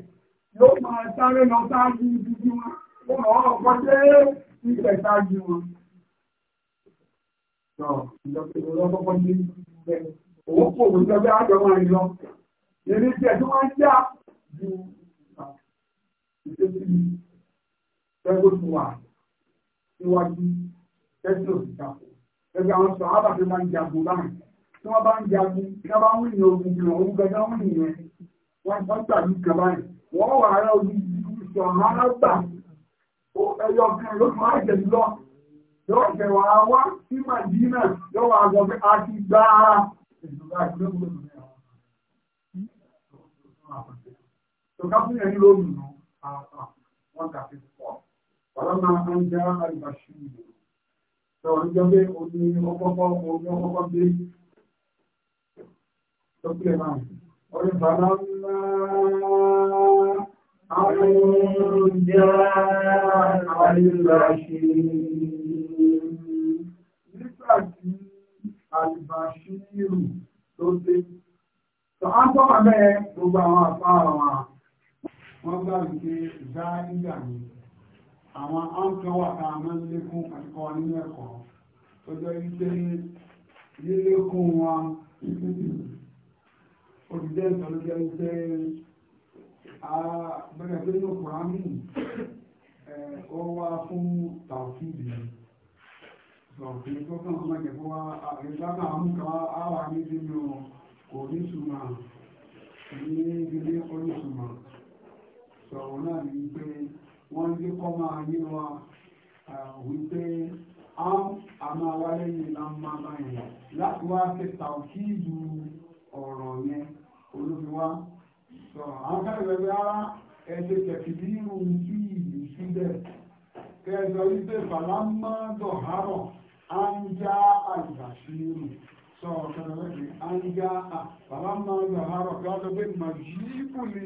yóò máa sáré lọ sáájú ibi wọn ó lọ ọkọ̀ dé ìfẹ̀ sáájú wọn. Òun kò wọ́n tẹ́gbẹ́ àjọ máa ń lọ. Èmi jẹ́ tí wọ́n ń já ju ìṣesí ẹgbẹ́ tó wà síwájú tẹ́sí òṣìṣàkó ẹgbẹ́ àwọn sọ ábà tó bá ń jagun báyìí tí wọ́n bá ń jagun tí wọ́n bá ń wíyàn ogun ìlú ọ̀hún gẹ́gẹ́ wọ́n nìyẹn wọ́n bá tàbí kan báyìí wọ́n wà ara ojú ìṣọ̀ máa gbà ẹyọ kan ló máa jẹ̀ lọ yóò tẹ̀wà wá sí màdínà yóò wà gọ̀ pé a ti gbá ìṣòro àti lóògùn Tọ́ka fún ẹni lóògùn náà, àwọn kàfí pọ̀. Ọlọ́mọ àwọn jẹ́ àlùbáṣí ìlú ẹ̀wọ̀n jọ pé o ní ọkọ̀kọ́ omi ọkọ̀kọ́ gbé lókè náà orí bàbá ńlá àwọn ìjọ àìlàṣì nígbà tí àìbàṣì rù tó dé tó á tọ́ wà bẹ́ẹ̀ gbogbo àwọn àpá àwọn wọn gbà wípé ìdá nígbà yìí àwọn áńkà wà ká máa ń lékún ẹ̀kọ́ nínú ẹ̀kọ́ tó jẹ́ wípé lílékún wa olùjẹ́ ìtọ́lójẹ́ wípé bẹ́ẹ̀ pé nínú kùránì ó wá fún tàùfíìdì ọ̀pìnrin tó kàn máa jẹ́ fún wa àrídáná àmúkà áwà ní nínú orísùnmà ní ilé orísùnmà sọ̀rọ̀ náà ní pé wọ́n gbé kọ́ máa nínú wípé a máa wá lẹ́yìn ìlà máa bá ìyà láti wá kẹta òkí ìlú ọ̀rọ̀ yẹn olóbi wá sọ àwọn kẹ́lẹ̀ bẹ̀rẹ̀ ara ẹ̀ṣẹ̀ tẹ̀kìdí ohun tí ìlú síbẹ̀ kẹjọ wípé fàlámà dọ̀hárọ̀ á ń já àgbàṣírù sọ ọ̀kẹ́lẹ̀ bẹ̀rẹ̀ á ń já fàlámà dọ̀hárọ̀ kí wọ́n sọ ni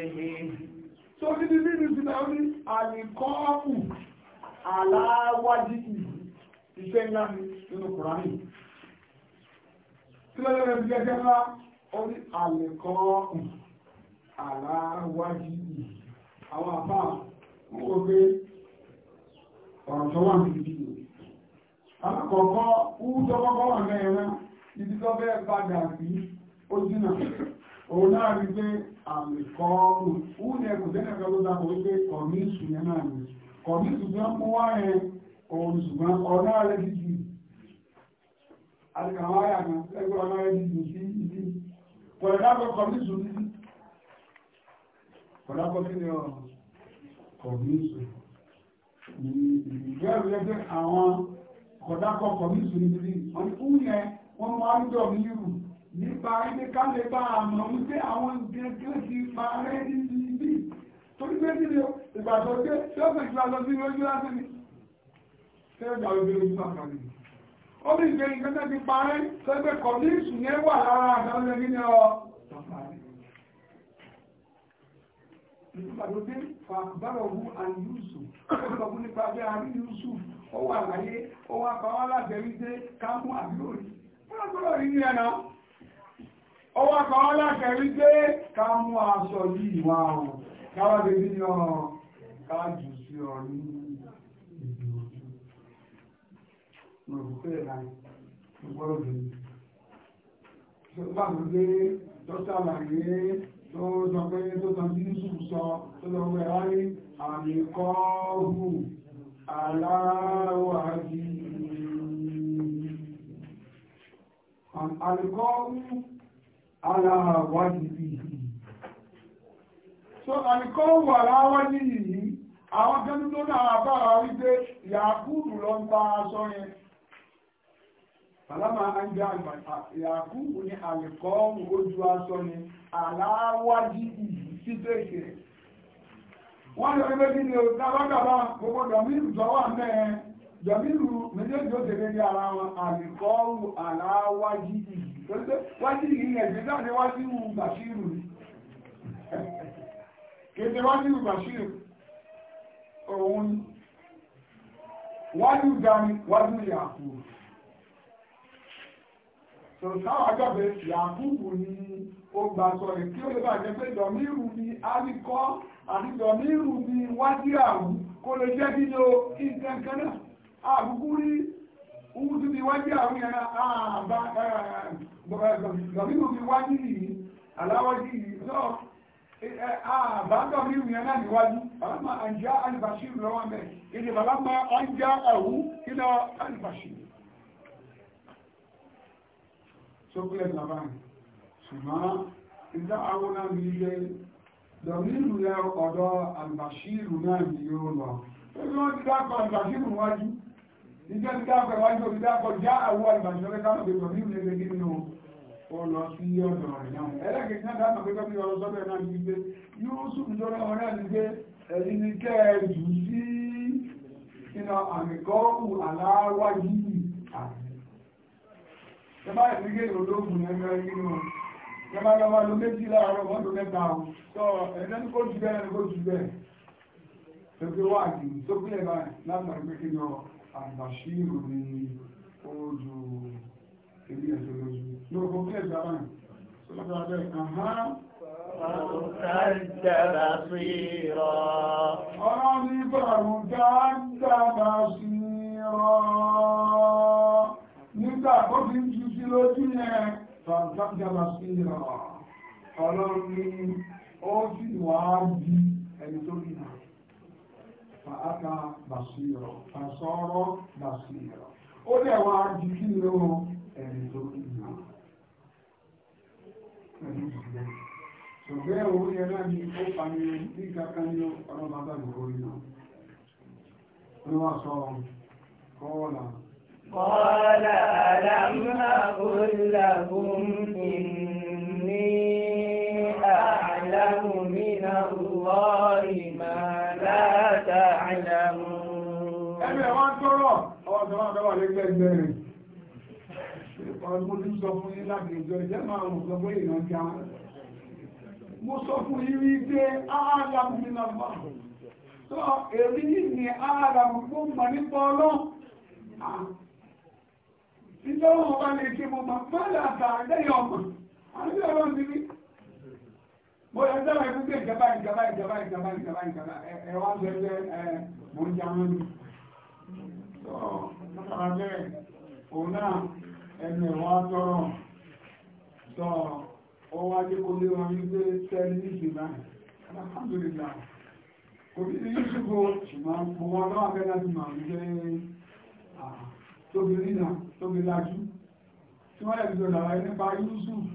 tó ní ní nínú ìsinmi àwọn àlìkọ́ọ̀pù aláwájí iṣẹ́ ńlá ní nínú kùránì tí lọ́jọ́ rẹ̀ jẹ́ jẹ́ ńlá ó ní àlìkọ́ọ̀pù aláwájí àwọn àbá ó gbé ọ̀rọ̀ tó wà ní ibi alákọ̀ọ́kọ́ oúnjẹ kọ́kọ́ wà mẹ́rin ibi tó bẹ́ẹ̀ padà sí ó jìnà òun náà rí pé àmìkọ́ọ̀rù fún ẹkù tẹ́nàkà ló dákọ̀ wípé kọ̀míṣù yẹn náà ni kọ̀míṣù tí wọ́n mú wá yẹn òun ṣùgbọ́n ọ̀nà rẹ̀ dìdì àdìkàwọn àyà kan lẹ́gbẹ́ ọ̀nà rẹ̀ dìdì sí ìdí pọ̀lẹ́dàkọ̀ kọ̀míṣù ní pọ̀lẹ́dàkọ̀ kí ni ọ̀ kọ̀míṣù ìgbẹ́rù yẹn pé àwọn pọ̀lẹ́dàkọ̀ kọ̀míṣù ní ìdí wọ́n mú wá ń nípa ilé kálẹ̀ bá àmọ̀ wípé àwọn nǹkan tí ó ti pa rẹ̀ níbi ibi torí pé nílé ìgbàgbọ́ pé tí ó fẹ́ ìgbàgbọ́ sí lójú láti ní tẹ́ẹ̀dà ojú ojú àkàrà ní ó ní ìgbé nǹkan tẹ́ ti pa rẹ̀ sẹ́gbẹ́ kọ̀ ní ìsùn yẹn wà lára àgbàlẹ̀ nínú ọ ìgbàgbọ́ pé fàbárọ̀ hu àyùsù ó sọ nípa bí a rí yùsù ó wà láyé ó wà pa wá láti ọwọ́ kan alákẹ̀rí pé ká mú aṣọ bí ìwà ọ̀rùn káwà lè ní ọ̀rùn káàjù sí ọ̀rùn ìbí ojú olùkọ́ ẹ̀lá ìgbọ́rọ̀ ara àwádìí yìí so àníkọ́ wà láwádìí yìí àwọn gẹ́gẹ́ tó náà bára wípé yàkúùbù lọ ń ta aṣọ yẹn Àlámà Anjá Àgbàtà, Yàkúbù ni àlèkọ́ ojú aṣọ ni aláwájí ìlú títẹ́ ìṣẹ̀rẹ̀. Wọ́n lè rí kí ni o tábákàbá gbogbo Dọ̀míru sọ́wọ́ mẹ́ẹ̀ Dọ̀míru méjèèjì ó tẹ̀lé ní ara wọn àlèkọ́ aláwájí ìlú pẹ̀lú wájírì ní nàìjíríà ní wájírù bàṣírù ni kéde wájírù bàṣírù òun wájú dání wájú yàkú sọ̀rọ̀sáwà gbàgbé yàkúbù ni ó gbà sọ̀rọ̀ kí ó lè bàjẹ́ pé dọ̀míìrù ni àríkọ́ àti dọ̀míìrù ni wájíràwù kó lè jẹ́ kí ló ìtẹ̀kẹ́ náà àbúkú rí ohun tó ti wájíràwù yẹn náà lọ́bínú mi wá ní ìyí aláwọ́dí yìí sọ àbádọ́bí yẹn náà níwájú bàbá àjá alìbàṣírù lọ́wọ́ mẹ́ ìdí bàbá ma ọjá ẹ̀wú kílọ̀ alìbàṣírù sókúlẹ̀ bàbá ṣùgbọ́n ìdá àwọn náà ní ilé lọ́bínú yẹ ọ̀dọ̀ alìbàṣírù náà ní yóò lọ wọ́n ti dákọ̀ alìbàṣírù wájú ìjẹ́ ti dákọ̀ ìwájú òbí dákọ̀ já àwọ̀ alìbàṣírù ó lọ sí ọ̀nà rẹ̀ náà ẹlẹ́kẹ̀ẹ́ náà dáàmà pé kọ́bí ọlọ́sọ́ bẹ̀rẹ̀ náà ní pé Yúsùf tó lọ́wọ́ náà ní pé ẹni ní kẹ́ẹ̀jù sí iná àmìkọ́ọ̀kù aláwájú yìí ẹbá ìpínlẹ̀ olóògùn ẹgbẹ́ inú ẹbá lọ́wọ́ ló méjì láàárọ̀ mọ́tò mẹ́ta ọ̀ tọ́ ẹ̀dẹ́ ní kó jù bẹ́ẹ̀ ní kó jù bẹ́ẹ̀ tó pé wà ní tó pé ẹ̀bá látàrí pé kí ni ọ àgbàṣírò ní ojú èmi ẹ̀sọ́ lójú lóògbé ọkọ̀ ẹ̀sọ́ àbáyà sọ́lọ́pàá abẹ́ àhán Fàrùdára sí rọ. Ọ̀rọ̀ ní fàrùdára sí rọ. Nígbà tó fi ń ju sí lójú yẹn, fàrùdára sí rọ. Ọlọ́run ní ó sì wá di ẹni tó rí náà fàákà bàṣírọ̀ fàṣọ́rọ̀ bàṣírọ̀ ó lẹ́wà jù kí ni ó ẹni tó kì í náà pẹ̀lú ìgbẹ́ ṣùgbẹ́ owó yẹn náà ni ó pani ní kankan ní ọlọ́mọ abẹ́lùkọ́ yìí náà wọ́n wá sọ kọ́ọ̀là قال ألم أقل لكم إني أعلم من الله ما لا تعلمون ọ̀rọ̀ mo tún sọ fún yín láti ìjọ ìjẹ́ máa rùn sọ pé ìran ga mo sọ fún yín rí pé áàlàmù mi náà bá sọ èrí ní áàlàmù tó mọ̀ nípa ọlọ́run ìjọ wọn bá lè ṣe mo mọ̀ mọ́lá àtàlẹ́yìn ọmọ àbí ọlọ́run ti rí mo yẹ sẹ́wọ̀n ẹ̀kú pé ìjọba ìjọba ìjọba ìjọba ìjọba ìjọba ẹ̀ wá sọ pé ẹ̀ mò ń jẹun ní. sọ ọ́ nípa bẹ́ẹ̀ òun náà ẹnu ẹ̀wọ̀n atọ́rọ̀ sọ ọ wá jẹ́ kó lé wọn wípé tẹ́lẹ̀ ní ìgbìmọ̀ alhamdulillah kò ní ní ṣùgbọ́ ṣùgbọ́n mo wọn lọ́wọ́ abẹ́ láti mà ń jẹ́ tóbi rínà tóbi lájú tí wọ́n lẹ́bi lọ́la wáyé nípa Yusuf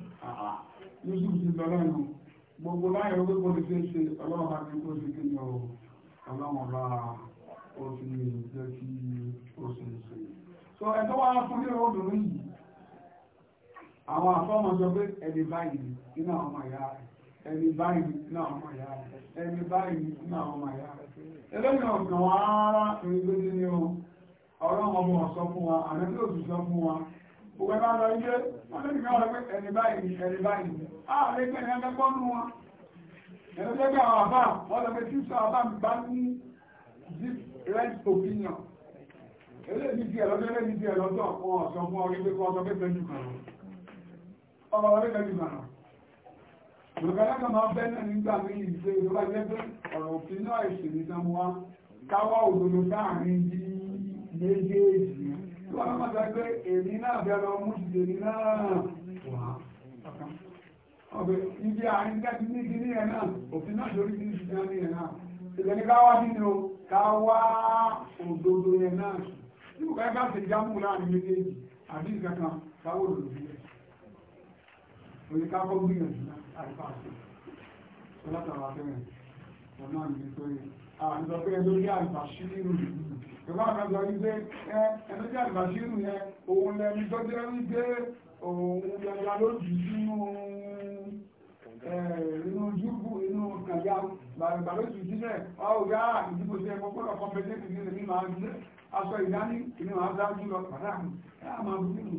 Yusuf ti lọ́lọ́ nù gbogbo láyé owó kò lè fẹ́ ṣe ọlọ́run bá ti kó sí kí ni ọlọ́run bá ó ti jẹ́ kí ó ṣe é ṣe. sọ ẹ̀tọ́ wa fún ní obìnrin yìí àwọn àfọ́mọ̀ sọ pé ẹni báyìí nínú àwọn ọmọ ìyá rẹ̀ ẹni báyìí nínú àwọn ọmọ ìyá rẹ̀ ẹni báyìí nínú àwọn ọmọ ìyá rẹ̀ ẹlẹ́yìn ọ̀gbọ̀n ara ìgbésí ni o ọ̀rọ̀ ọmọ ọ̀sọ́ fún wa àrẹ́bí òsì sọ fún wa gbogbo ẹ̀bá lọ ilé wọ́n lè fi ọ̀rọ̀ pé ẹni báyìí ẹni báyìí ààrẹ pé ẹni ẹgbẹ́ pọ́nú wa ẹni tó gbé àwọn àbá wọ́n lọ pé tí opinion eléyìí ti ẹ̀lọ́dọ́ eléyìí ti ẹ̀lọ́dọ́ ọ̀sọ̀ fún ọ̀rẹ́ pé kọ́ ọ̀sọ̀ ọba wọlé kẹjì mọ̀nà lùgbàlágà máa bẹ́ náà nígbà míì ṣe ìjọba jẹ́gbẹ́ ọ̀rọ̀ òfin náà ìṣèlú ìjọmọ́ wa káwá òdodo láàrin bí méjèèjì tó wà máa gbàgbé èmi náà bẹ̀rẹ̀ ọmú ìdè mi náà wà ní kíní ẹ̀ náà òfin ẹ̀ náà ìgbẹ́ni káwá o káwá òdodo yẹn oníkákọ́ gbìyànjú àìfà àti ọlọ́tàrà afẹ́rẹ́ ọ̀nà ìgbé sórí àìsọ pé ẹjọ́ jẹ́ àìfà ṣírù ìwà àgbàgbà wípé ẹjọ́ jẹ́ àìfà ṣírù yẹn òun lẹ́ni tó jẹ́ wípé òun yẹya ló jù sínú inú júbù inú kàjá gbàgbà ló jù sílẹ̀ ọ̀gá ìdìbò sí ẹ̀kọ́ pọ̀lọ̀ kọ́mpẹ́tẹ́tì nílẹ̀ ní màá aṣọ ìdání ìní màá dájú lọ pàtàkì ẹ̀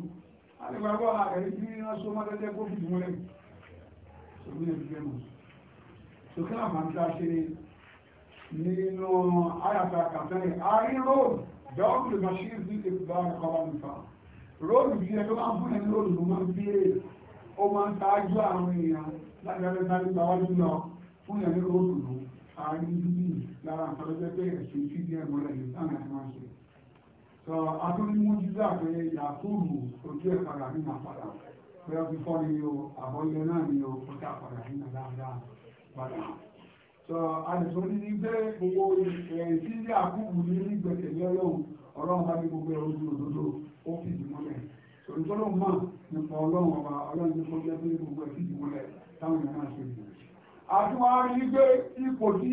àdìgbàgbọ́ àkàrí tí wọ́n so mọ́ tẹ́tẹ́ kó fìdí mọ́lẹ̀ sókè ní ìgbẹ́ mọ́ sókè àmà ń dáṣe nínú àyàtà kàtẹ́rì àárí róòdù dọ́ọ̀bù lè máa ṣe é sí ìgbà àkọ́bá nìfà róòdù bí ẹ tó máa ń fún ẹni róòdù ló máa ń bí èrè ó máa ń taájú àwọn èèyàn láti ẹgbẹ́ ṣe àtúndínmójúdá pé yàtúrù ojú ẹ̀ padà nínú àpadà pẹ̀lú ti fọ́ ni o àbọ̀yẹ náà ni o ó tà padà nínú dáadáa padà sọ àdìsọ́ ní ní pé gbogbo ẹ̀ẹ́sí ilé àkúkù ní gbẹ̀kẹ̀lé ọlọ́run ọlọ́run bá ní gbogbo ẹ̀rọ ojú òdodo ó fi ìdí mọ́lẹ̀ òǹtọ́lọ́ mọ̀ nípa ọlọ́run ọba ọlọ́run ní kọjá pé gbogbo ẹ̀ fi ìdí mọ́lẹ̀ táwọn èèyàn náà ṣe ìdí àtúwárí wípé ipò tí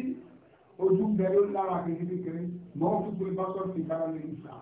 ojú ń bẹ lórí lára kékeré mọ́ fún pé bá ìdára lè ń sàn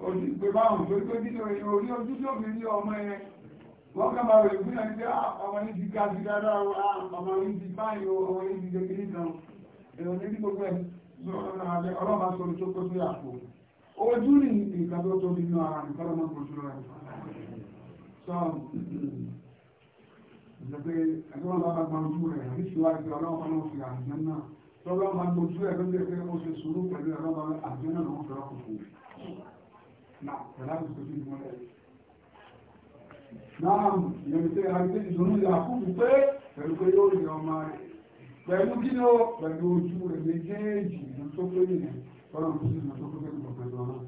òdìgbé báwọn tó tó dídò èèyàn orí ojú tó fi rí ọmọ ẹ wọ́n kà máa rẹ̀ fún ẹni pé ah, ọmọ ní ti ga sí dáadáa ah, ọmọ ní ti báyìí ọmọ ní ti gbẹgbẹ nìkan èèyàn ní gbogbo ẹ ọlọ́mà sọ̀rọ̀ tó kó sí àpò ojú ní nǹkan tó tóbi nínú ara nǹkan ọmọ kò sọ̀rọ̀ rẹ̀ sọ ìjọba ẹgbẹ́ bàbá gba ojú rẹ̀ àbíṣe wa ìgbà ọlọ́mà náà fi àjẹ́ náà tọ́lọ́mà gbojú ẹ̀ ló ń gbé pé ó ṣe sùúrù pẹ̀lú ẹ̀rọ náà ìyẹn tí a gbé ìṣòro ìyàkúrù pé pẹ̀lú pé yóò rí ọmọ rẹ̀ pẹ̀lú kí ní ó pẹ̀lú ojú rẹ̀ méjèèjì ìlú tó pé nìyẹn ọ̀rọ̀ tó sì lọ́tọ́ pé pẹ̀lú pẹ̀lú ọ̀rọ̀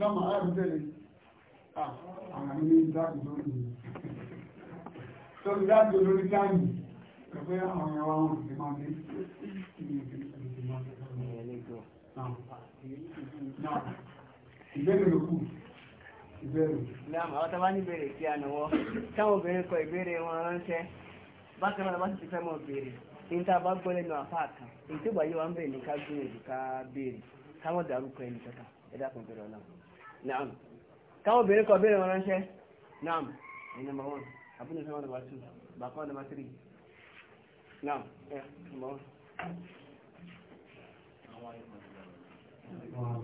lọ́mọ arábìnrin àwọn ilé ìdájú lórí tó ń lórí ibere ló kù ìbéèrè. ìgbàmù àwọn tó bá ní ìbéèrè sí ànáwọ́ kọ ìbéèrè wọn bá sì ti ní a bá gbọ́ lẹ́nu ń bẹ̀rẹ̀ ní ká gbìyànjú ká béèrè káwọn dàrúkọ ẹni kankan ẹ dákun ìbéèrè ọ̀la naam káwọn obìnrin kọ béèrè wọn naam nàmbà wọn àbúrò nàmbà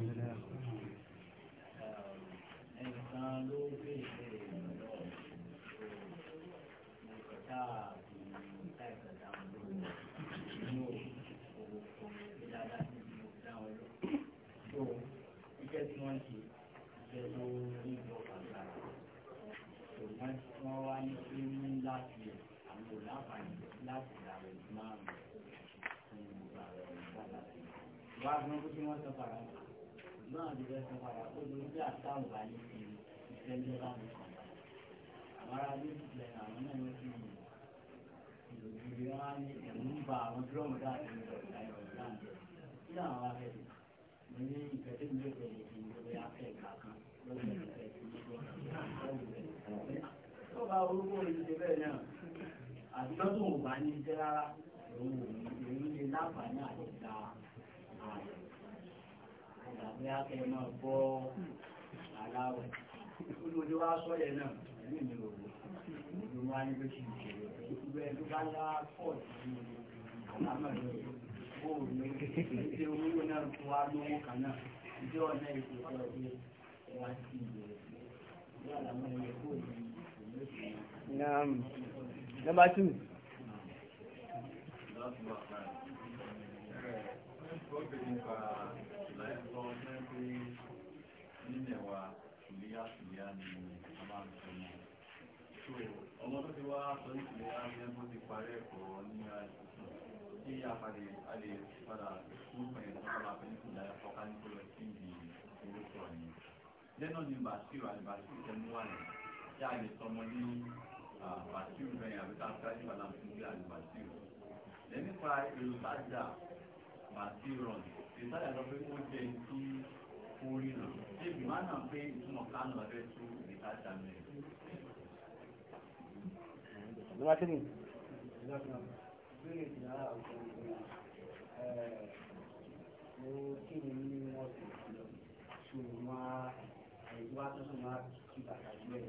wá fún kí wọ́n sọ padà náà ti fẹ́ sọ padà ó lórí àtàwọn àyè tẹ́lẹ̀ láti kàn. Àwọn ará ilé ti àwọn náà ní ti ìlú ìlú wọn ní ẹ̀rù ba àwọn dúrọ́mù láti ní ọ̀gá ìrọ̀lẹ́ náà. Kí làwọn afẹ́ mi? Mo ní ìfẹ́ mi lè bẹ̀rẹ̀ ìdí lórí afẹ́ ìgbà kan lórí ìfẹ́ tí mi lè bẹ̀rẹ̀ tó bá orúkọ ìdíje bẹ́ẹ̀ náà àti lọ́dún ò bá ní jẹ́ rárá òun ò ní láǹfààní àti ìgbà ààrẹ. Àgbàgbé akẹ́ máa bọ́ aláwẹ̀ mo wá sọ náà ẹ̀mí mi ò wá ní pé kí n bá yá Number two. That's ni a máa ń sọ mọ́. ọmọ tó ti wá sọ ìpínlẹ̀ àríyàn tó ti parí ẹ̀kọ́ ní àìsàn tí a padà a lè padà fún pẹ̀lú ọ̀la pẹ̀lú ọ̀ka ní kúrò sí ibi orúkọ ni. lẹ́nà ni bàṣírò àti bàṣírò tẹ̀ mú wà ní tí a lè sọmọ ní bàṣírò bẹ́ẹ̀ àbí tá a fẹ́ ní padà fún bí àti bàṣírò. lẹ́nípa èrò tájà bàṣírò ìtajà lọ pé ó jẹ́ tí orí nà ebi máa nà pé ìtumọ̀ kánò rẹ̀ tó ìta jàmẹ̀. Nígbà tí ni? Bílẹ̀ ti náà ọ̀gbọ̀n mo kí ni ní wọ́n ti ṣùgbọ́n ẹ̀yìn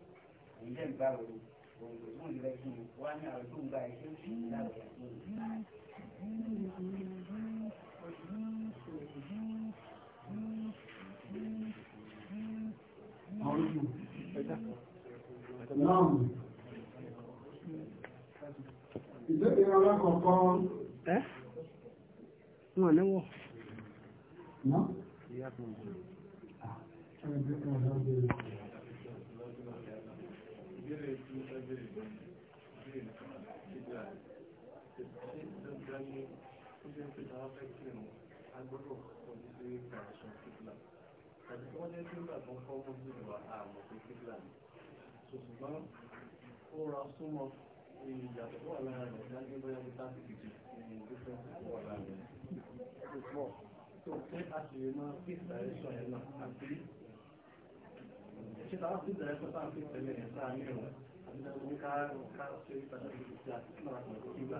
ìjẹ́ ìgbà wo òǹkò tó ń lẹ́ fún wa ní àwọn tó ń gba iṣẹ́ òṣì láwọ̀ yàtọ̀ Ìjẹ́bí alákọ̀ọ́kọ́. Ẹ́ wọ́n níwọ̀. Ìyá ah, kan. gbọ́dọ̀ kọ́ ní pé kàn sọ kíkìlà tàbí kí wọ́n jẹ́ kí nígbà tó ń kọ́ mọ́ sí ìwà àmọ̀ pé kíkìlà ni ṣùgbọ́n ó ra súnmọ́ ìyàtọ̀ tó wà lára rẹ̀ dájú bóyá bí táàbì kìjì ní ìdífẹ́ǹsì tó wà lára rẹ̀ ṣùgbọ́n tó fẹ́ àṣìlè máa fi ìdáyẹ̀sọ̀ ẹ̀ náà àti ṣe tàbí ìdáyẹ̀sọ̀ tá à ń fi tẹ̀lé ẹ̀ sáà ní ìrọ̀ àti ká ṣe ìtàkùn ìgbà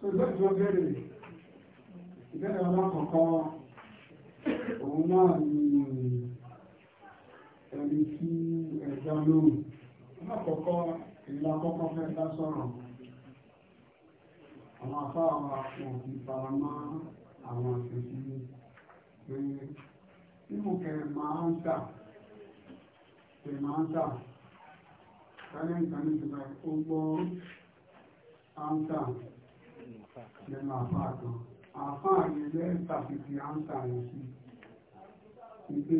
tó lọ́jọ́ bẹ̀rẹ̀ ìbẹ̀rẹ̀ alákọ̀ọ́kọ́ òun náà ni ẹni tí ẹ̀dá lóhùn alákọ̀ọ́kọ́ ìlà kọ́kọ́ fẹ́ dá sọ̀rọ̀ àwọn afá àwọn àpò ìfaramọ́ àwọn àṣẹ̀sí pé nínú kẹrẹ máa ń tà kẹrẹ máa ń tà kálẹ̀ nǹkan ní ìjọba ó gbọ́ áńtà lẹ́nu àfáà kan àfáà yẹn lẹ́yìn tàbí áńsà rẹ̀ sí ìpè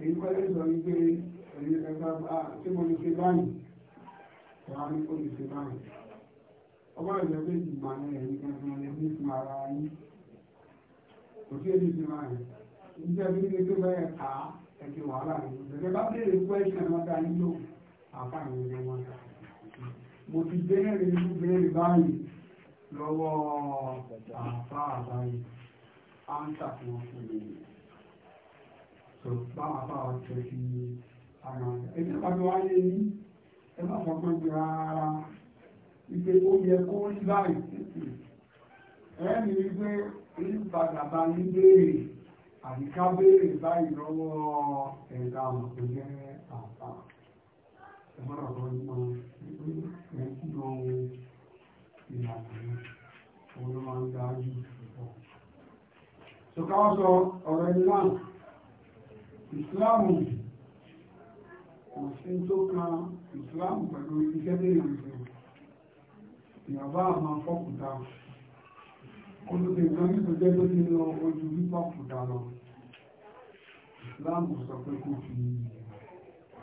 èyí pẹ́lẹ́ sọ wípé ẹ̀yìn ẹ̀ka tí mo lè ṣe báyìí wà á ní kó lè ṣe báyìí ọba ìjọ pé ìgbà ní ẹ̀yìn kankan lè ní fún ara yín kò sí èdè ìgbà rẹ̀ ìjẹ́ bí ní tó bẹ́ẹ̀ ká ẹ̀jẹ̀ wàhálà rẹ̀ ìjọba bá béèrè pẹ́ṣẹ̀ wọn dá nílò àfáà yẹn lẹ́wọ̀n mo ti bẹ́ẹ̀rẹ̀ irú bẹ́ẹ̀rẹ̀ báyìí lọ́wọ́ àǹfà àbáyé áńtà tí wọ́n fún mi so báwọn afá wa tẹ̀ sí ara rẹ̀ èyí tó pàdé wáyé ní ẹ má fọgbọ́n ara wípé ó yẹ kó rí báyìí ẹ ní wípé ìbàdà bá ní béèrè àyíká béèrè báyìí lọ́wọ́ ẹ̀dá àwọn tó ẹ̀mọ́ràn kan ní ẹ̀kú lọ́wọ́ ní ọkùnrin òun ló máa ń dájú púpọ̀. sọ̀káwọ́ sọ ọ̀rọ̀ ìlànà ìsìláàmù kò sí tó kan ìsìláàmù pẹ̀lú iṣẹ́ tó yàn jù ìyàbá àmà fọ́kùtà olùdè kan ní ìtọ́jẹ́ tó ti lọ ojú wípọ̀ fùdà lọ ìsìláàmù sọ pé kò fi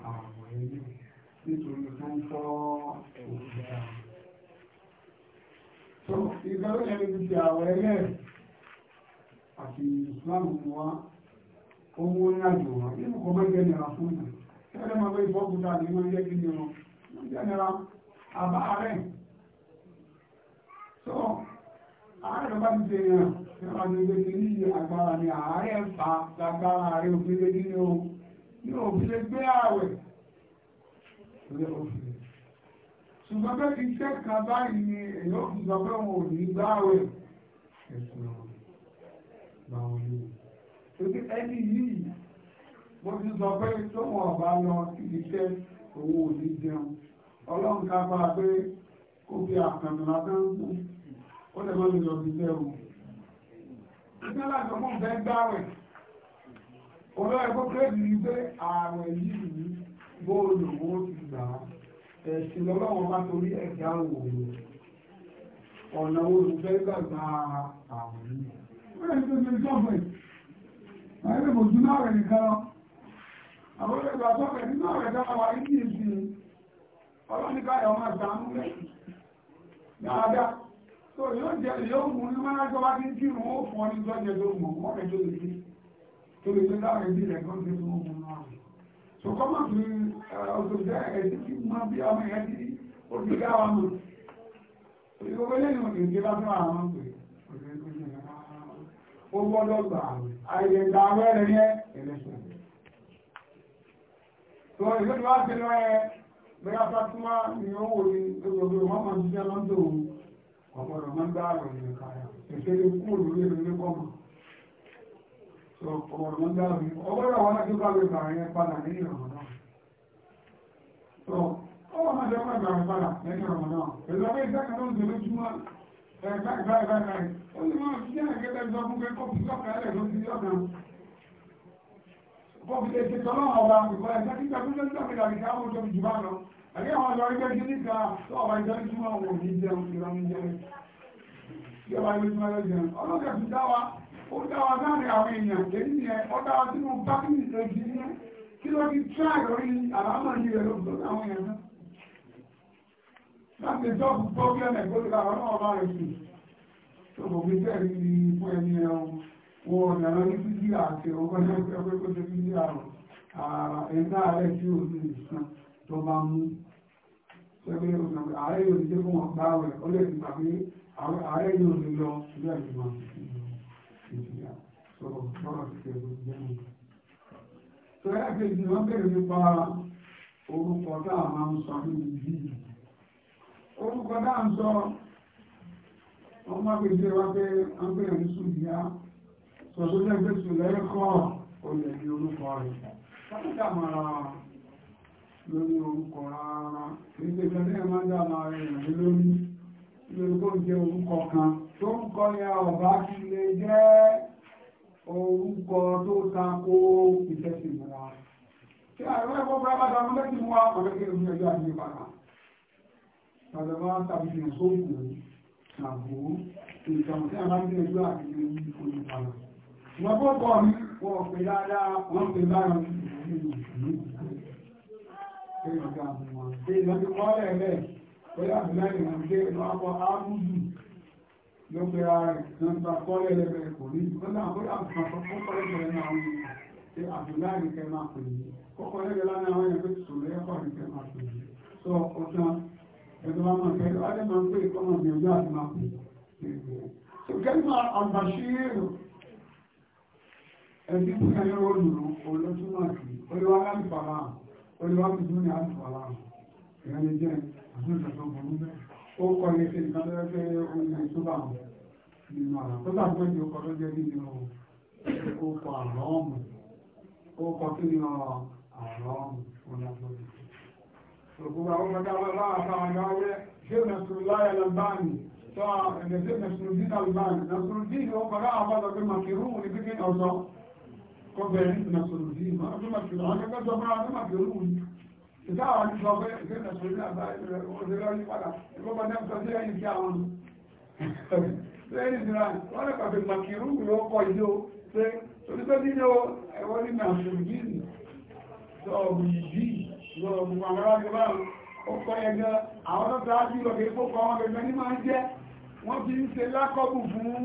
àwọn ẹni nítorí tó ń fọ́ òkúta so ìgbàlọ́ yẹn ló ti àwọ̀ ẹlẹ́ àti Islam wa owó ní àjò wa nínú kọ́ máa ń jẹ́ nira fún mi ẹgbẹ́ máa bẹ́ ìfọ́kúta ní máa ń jẹ́ kí ni ọ máa ń jẹ́ nira àbá rẹ̀ so ààrẹ ló bá ti ṣe yàn nípa ní ṣùgbọ́n bẹ́ẹ̀ ti ṣẹ́ka báyìí ni èyí ó fi sọ pé wọn ò ní gbáwẹ̀ ẹ̀sùn àwọn olóòwò torí ẹni yìí mo ti sọ pé tó wọn ọba lọ ìdíṣẹ́ owó òní jẹun ọlọ́run ká bá pé kó fi àkànnà lásán kú ó lè má lọ síṣẹ́ o ìṣẹ́ láti ọmọ ìfẹ́ gbáwẹ̀ olóòwò kó kéde ní pé ààrẹ yìí bóòlù owó ti gbà á ẹ̀sìn lọ́lọ́wọ́ bá torí ẹ̀dá wò ọ̀nà olùfẹ́ gbàgbà àwọn ìlú. o ṣe ìjọba yìí. Àwọn ẹgbẹ́ bòjú náà rẹ̀ nìkan lọ. Àwọn ẹgbẹ́ bàbá rẹ̀ nínú rẹ̀ dára wà ní ìsì. Ọlọ́nìká ẹ̀ ọmọ ìdààmú rẹ̀. Dáadáa. Tó yóò jẹ yóò ní máa jọba tí ń kírun ó fún ní ìjọ́jẹ tó mọ̀ mọ́kẹ́jọ́ lè fi. Tó lè fi dára ìdí rẹ̀ ṣùgbọ́n máa fi ọ̀dọ̀dá ẹ̀sìn kí máa bí ọmọ ẹ̀yà ti òdìdá wa mọ̀ ìgbogbo lẹ́yìn òdì ìdí bá fún àwọn pè ó gbọ́dọ̀ gbà àyẹ̀gbà awẹ́rẹ̀ yẹn ẹlẹ́sìn tó ìgbẹ́ni wá ti lọ ẹ bẹ́yà fatima ni ó wò ní gbogbo wọn máa ń ṣiṣẹ́ lọ́dọ̀ ọ̀pọ̀lọpọ̀ máa ń gbà àrùn ìrìnkà ẹ̀ṣẹ́ lè kúrò lórí ìrìnkọ́mọ̀ ọgbọ́dọ̀ wọn láti bá lè bàrẹ̀ yẹn padà lẹ́yìn ọ̀rọ̀ náà ọwọ́ máa jẹ́ wọ́n bàrẹ̀ padà lẹ́yìn ọ̀rọ̀ náà pẹ̀lú ọgbẹ́ ìdáka náà jẹ́ lójúmọ́ ẹ̀ẹ́dáìbáìbáì ó ní wọ́n fi jẹ́ àgẹ́gẹ́ lọ fún pé kọ́pù lọ́kàálẹ̀ ló ti yọ̀nà kọ́pù lè ṣe tọ́lọ́ ọba ìgbà ẹ̀sẹ̀ kíkà tó lọ́jọ́ ìgbà ìgbà àwọn ọjọ́ ìjù bá lọ àgẹ́ àwọn ọjọ́ ìgbà ìgbà níta tó ọba ìjọ ìjùmọ̀ òun ní jẹun ìrọ̀ ní jẹun ó dáwà láàrin àwọn èèyàn lẹ́yìn yẹn ó dáwà sínú bákìlì tó jí ní kí ló fi tíráì lórí àlámọ̀ yìí rẹ̀ lóòótọ́ àwọn èèyàn náà láti jọ́ọ̀bù pọ́blẹ́mù ẹ̀gbọ́n ìlà àwọn ọba rẹ̀ sí tó kò fi bẹ́ẹ̀ rí fún ẹni ẹran wọn ọ̀nà lọ ní títí àti ọgbọ́n ẹgbẹ́ kó ṣe títí àrùn ẹ̀dá rẹ̀ tí ò ní ìsàn tó bá mú ṣẹ́gbẹ́ ààrẹ yóò ní jẹ́ fún wọn gbáwẹ̀ ó lè ti gbà pé ààrẹ yóò tó bọ́rọ̀ kẹrù jẹun. tó yá kejì wọ́n bèrè nípa orúkọ tá a máa ń sọ níbi bíi orúkọ tá à ń sọ wọ́n má pèsè wá pé wọ́n bèrè ní sùdíá sọ̀tún lẹ́gbẹ̀ẹ́ sùn lẹ́ẹ̀kọ́ olè ní orúkọ rẹ̀ sábà mara lórí orúkọ rárá nígbè tó ní ẹ̀má dá máa rẹ̀ rẹ̀ lórí lórí kó jẹ́ orúkọ kan tó ń kọ́ ya ọ̀bá kí lè jẹ́ orúkọ tó ta kó ìfẹ́sì ìmọ̀ra wa tí àwọn ẹ̀kọ́ bá bá dáa mọ́lẹ́kì mú wa ní ẹjọ́ àti ní pàtà tàbí máa tàbí fi hàn sóògùn àbò ìtàn tí a máa ń gbé ẹjọ́ àti ní orí pàtà wọ́n bọ́ bọ́ mi wọ́n pè dáadáa wọ́n pè ló pé ara rẹ̀ nọ́mbà kọ́lẹ̀ lẹ́bẹ̀ẹ́ kò ní ìgbọ́nà àwọn akọ̀kọ̀kọ̀lẹ́bẹ̀ẹ́ náà wọ́n ṣe àbúláàrí kẹ máa pè ní kọ́kọ̀lẹ́bẹ̀ẹ́ lára àwọn ẹ̀yẹ́ pé sọ̀rọ̀ ẹ̀kọ́ rẹ̀ kẹ máa pè ní sọ ọ̀tán ẹ̀dọ́ máa mọ̀ kẹ́lẹ́ wáyé máa ń pè kọ́mọ̀ ní ọjọ́ àti o pè ní kẹ́lẹ́mà àbàṣírò ẹ̀dí fún ẹ̀yẹ́ olùrù olótúmọ̀ sí olúwa láti fàlà olúwa tuntun ní àti fàlà ìrẹ́lẹ́jẹ́ àti ìṣẹ̀tọ̀ burú bẹ́ẹ̀ ó kọ́ ní sí nǹkan tó fẹ́ ohun ìtura nínú àrà tó bá gbé ìjọ kan tó jẹ́ nínú ó kọ àrọ́ ọ̀mù ó kọ kí ni àrọ́ ọ̀mù ó lágbó ìjọ. Òkúta ó kọjá lọ́wọ́ àtàwọn ọ̀gá wẹ́ ṣé nàìjíríà láyà lọ bá mi sọ ẹ̀dẹ̀ṣẹ́ nàìjíríà lọ bá mi nàìjíríà ó kọjá àwọn ọ̀gá pé màkìrú ní kíkẹ́ ọ̀sọ́ kọ́bẹ̀rẹ̀ nàìjíríà ìtàwọn ti sọ pé ìgbẹ́nà sórí àgbà òṣèré ọdún padà ìgbọ́gbà náà sọ sí ẹ̀yìn sí àwọn lẹ́yìn ìsìnra wọ́n lè pàfẹ́ màkìrú ló kọ́ ìjó pé onígbẹ́ nílò ẹ̀wọ́ ní màṣùlùmí sọ̀bù yìí lọ́ọ̀bù àwọn aráàlúwà ó kọ́ ẹgbẹ́ àwọn tó tàá sí lọ́kẹ́ kó kọ́ wọn gẹ́gẹ́ ní máa ń jẹ́ wọ́n fi ń ṣe lákọ́bù fún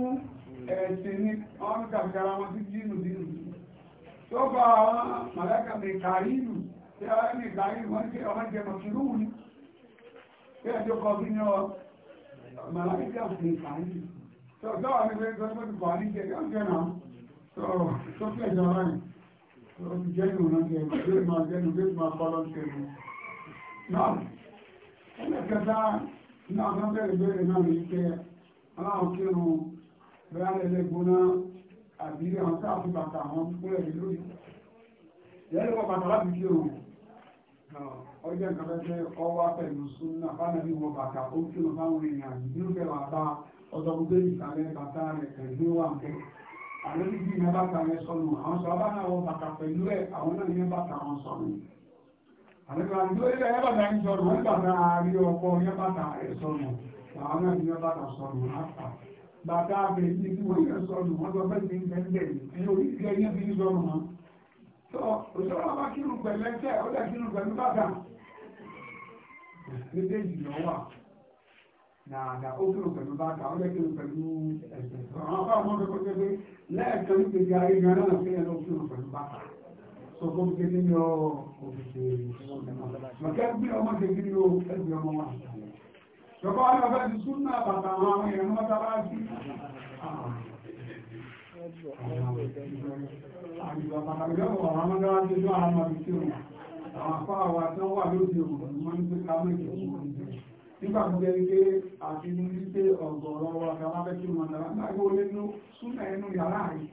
ẹ̀sìn ní àwọn kàkàrà wọn sí jínù dínù tó bá àwọn màlákàmì kàrí ìlú tí a ní ìgbàrí wọ́n tí ọmọ jẹ mọ̀kìlú ní tí a jọ kọ bí ní ọ màláìkà ní ìfàní tó dáwà ní pé tó tóbi kọ̀ ní jẹ́gẹ́ ọjọ́ náà tó fẹ́ jọ rẹ̀ tó ti jẹ́ ìlú náà jẹ́ ìlú máa jẹ́ ìlú tó máa kọ́ lọ́sẹ̀ rẹ̀ náà ẹlẹ́kẹta náà tó bẹ̀rẹ̀ bẹ̀rẹ̀ náà ní pé aláwọ̀ ọjọ́ ìkan fẹ́ ọwọ́ pẹ̀lú súnà fánàbí wọ bàtà ó kí lọ fáwọn èèyàn nínú fẹ́ bàtà ọjọ́ gbogbo ìsàlẹ̀ bàtà rẹ̀ pẹ̀lú wà mọ́ àwọn ibi ìyẹn bàtà rẹ̀ sọnù àwọn sọ bá náà wọ bàtà pẹ̀lú ẹ̀ àwọn náà ìyẹn bàtà wọn sọnù àlejò àti lórí ẹ̀ bàtà ń sọnù wọ́n bàtà rí ọkọ ìyẹn bàtà rẹ̀ sọnù àwọn náà ìyẹn bàtà sọnù láta bàtà bẹ̀ẹ́ tó òṣèlú àbá kírun pẹ̀lú ẹsẹ̀ ó dẹ̀ kírun pẹ̀lú bàtà méjèèjì ló wà nàdà ó kírun pẹ̀lú bàtà ó dẹ̀ kírun pẹ̀lú ẹsẹ̀ àwọn afọ àwọn ọmọdé kọjá pé lẹ́ẹ̀kan ní kejì ayé gan náà fi ẹnu kírun pẹ̀lú bàtà tó kó fi ní ọ òfìsè o ẹgbẹ́ ọmọ wa lọ́kọ́ wọn lọ́fẹ́ ti sún náà bàtà àgbègbè pàtàkì ọ̀pọ̀ àwọn ọmọdé wá tẹ́jú àwọn ọmọ ibi tí ó àwọn afọ́ àwa tí wọ́n wà lóde òun ni wọ́n ìjọba nígbà tó jẹ́ pé àti ní wípé ọ̀gọ̀ọ̀rọ̀ wa kà wá fẹ́ kí wọn dára lágbó lé nú súnà ẹnu yàrá rẹ̀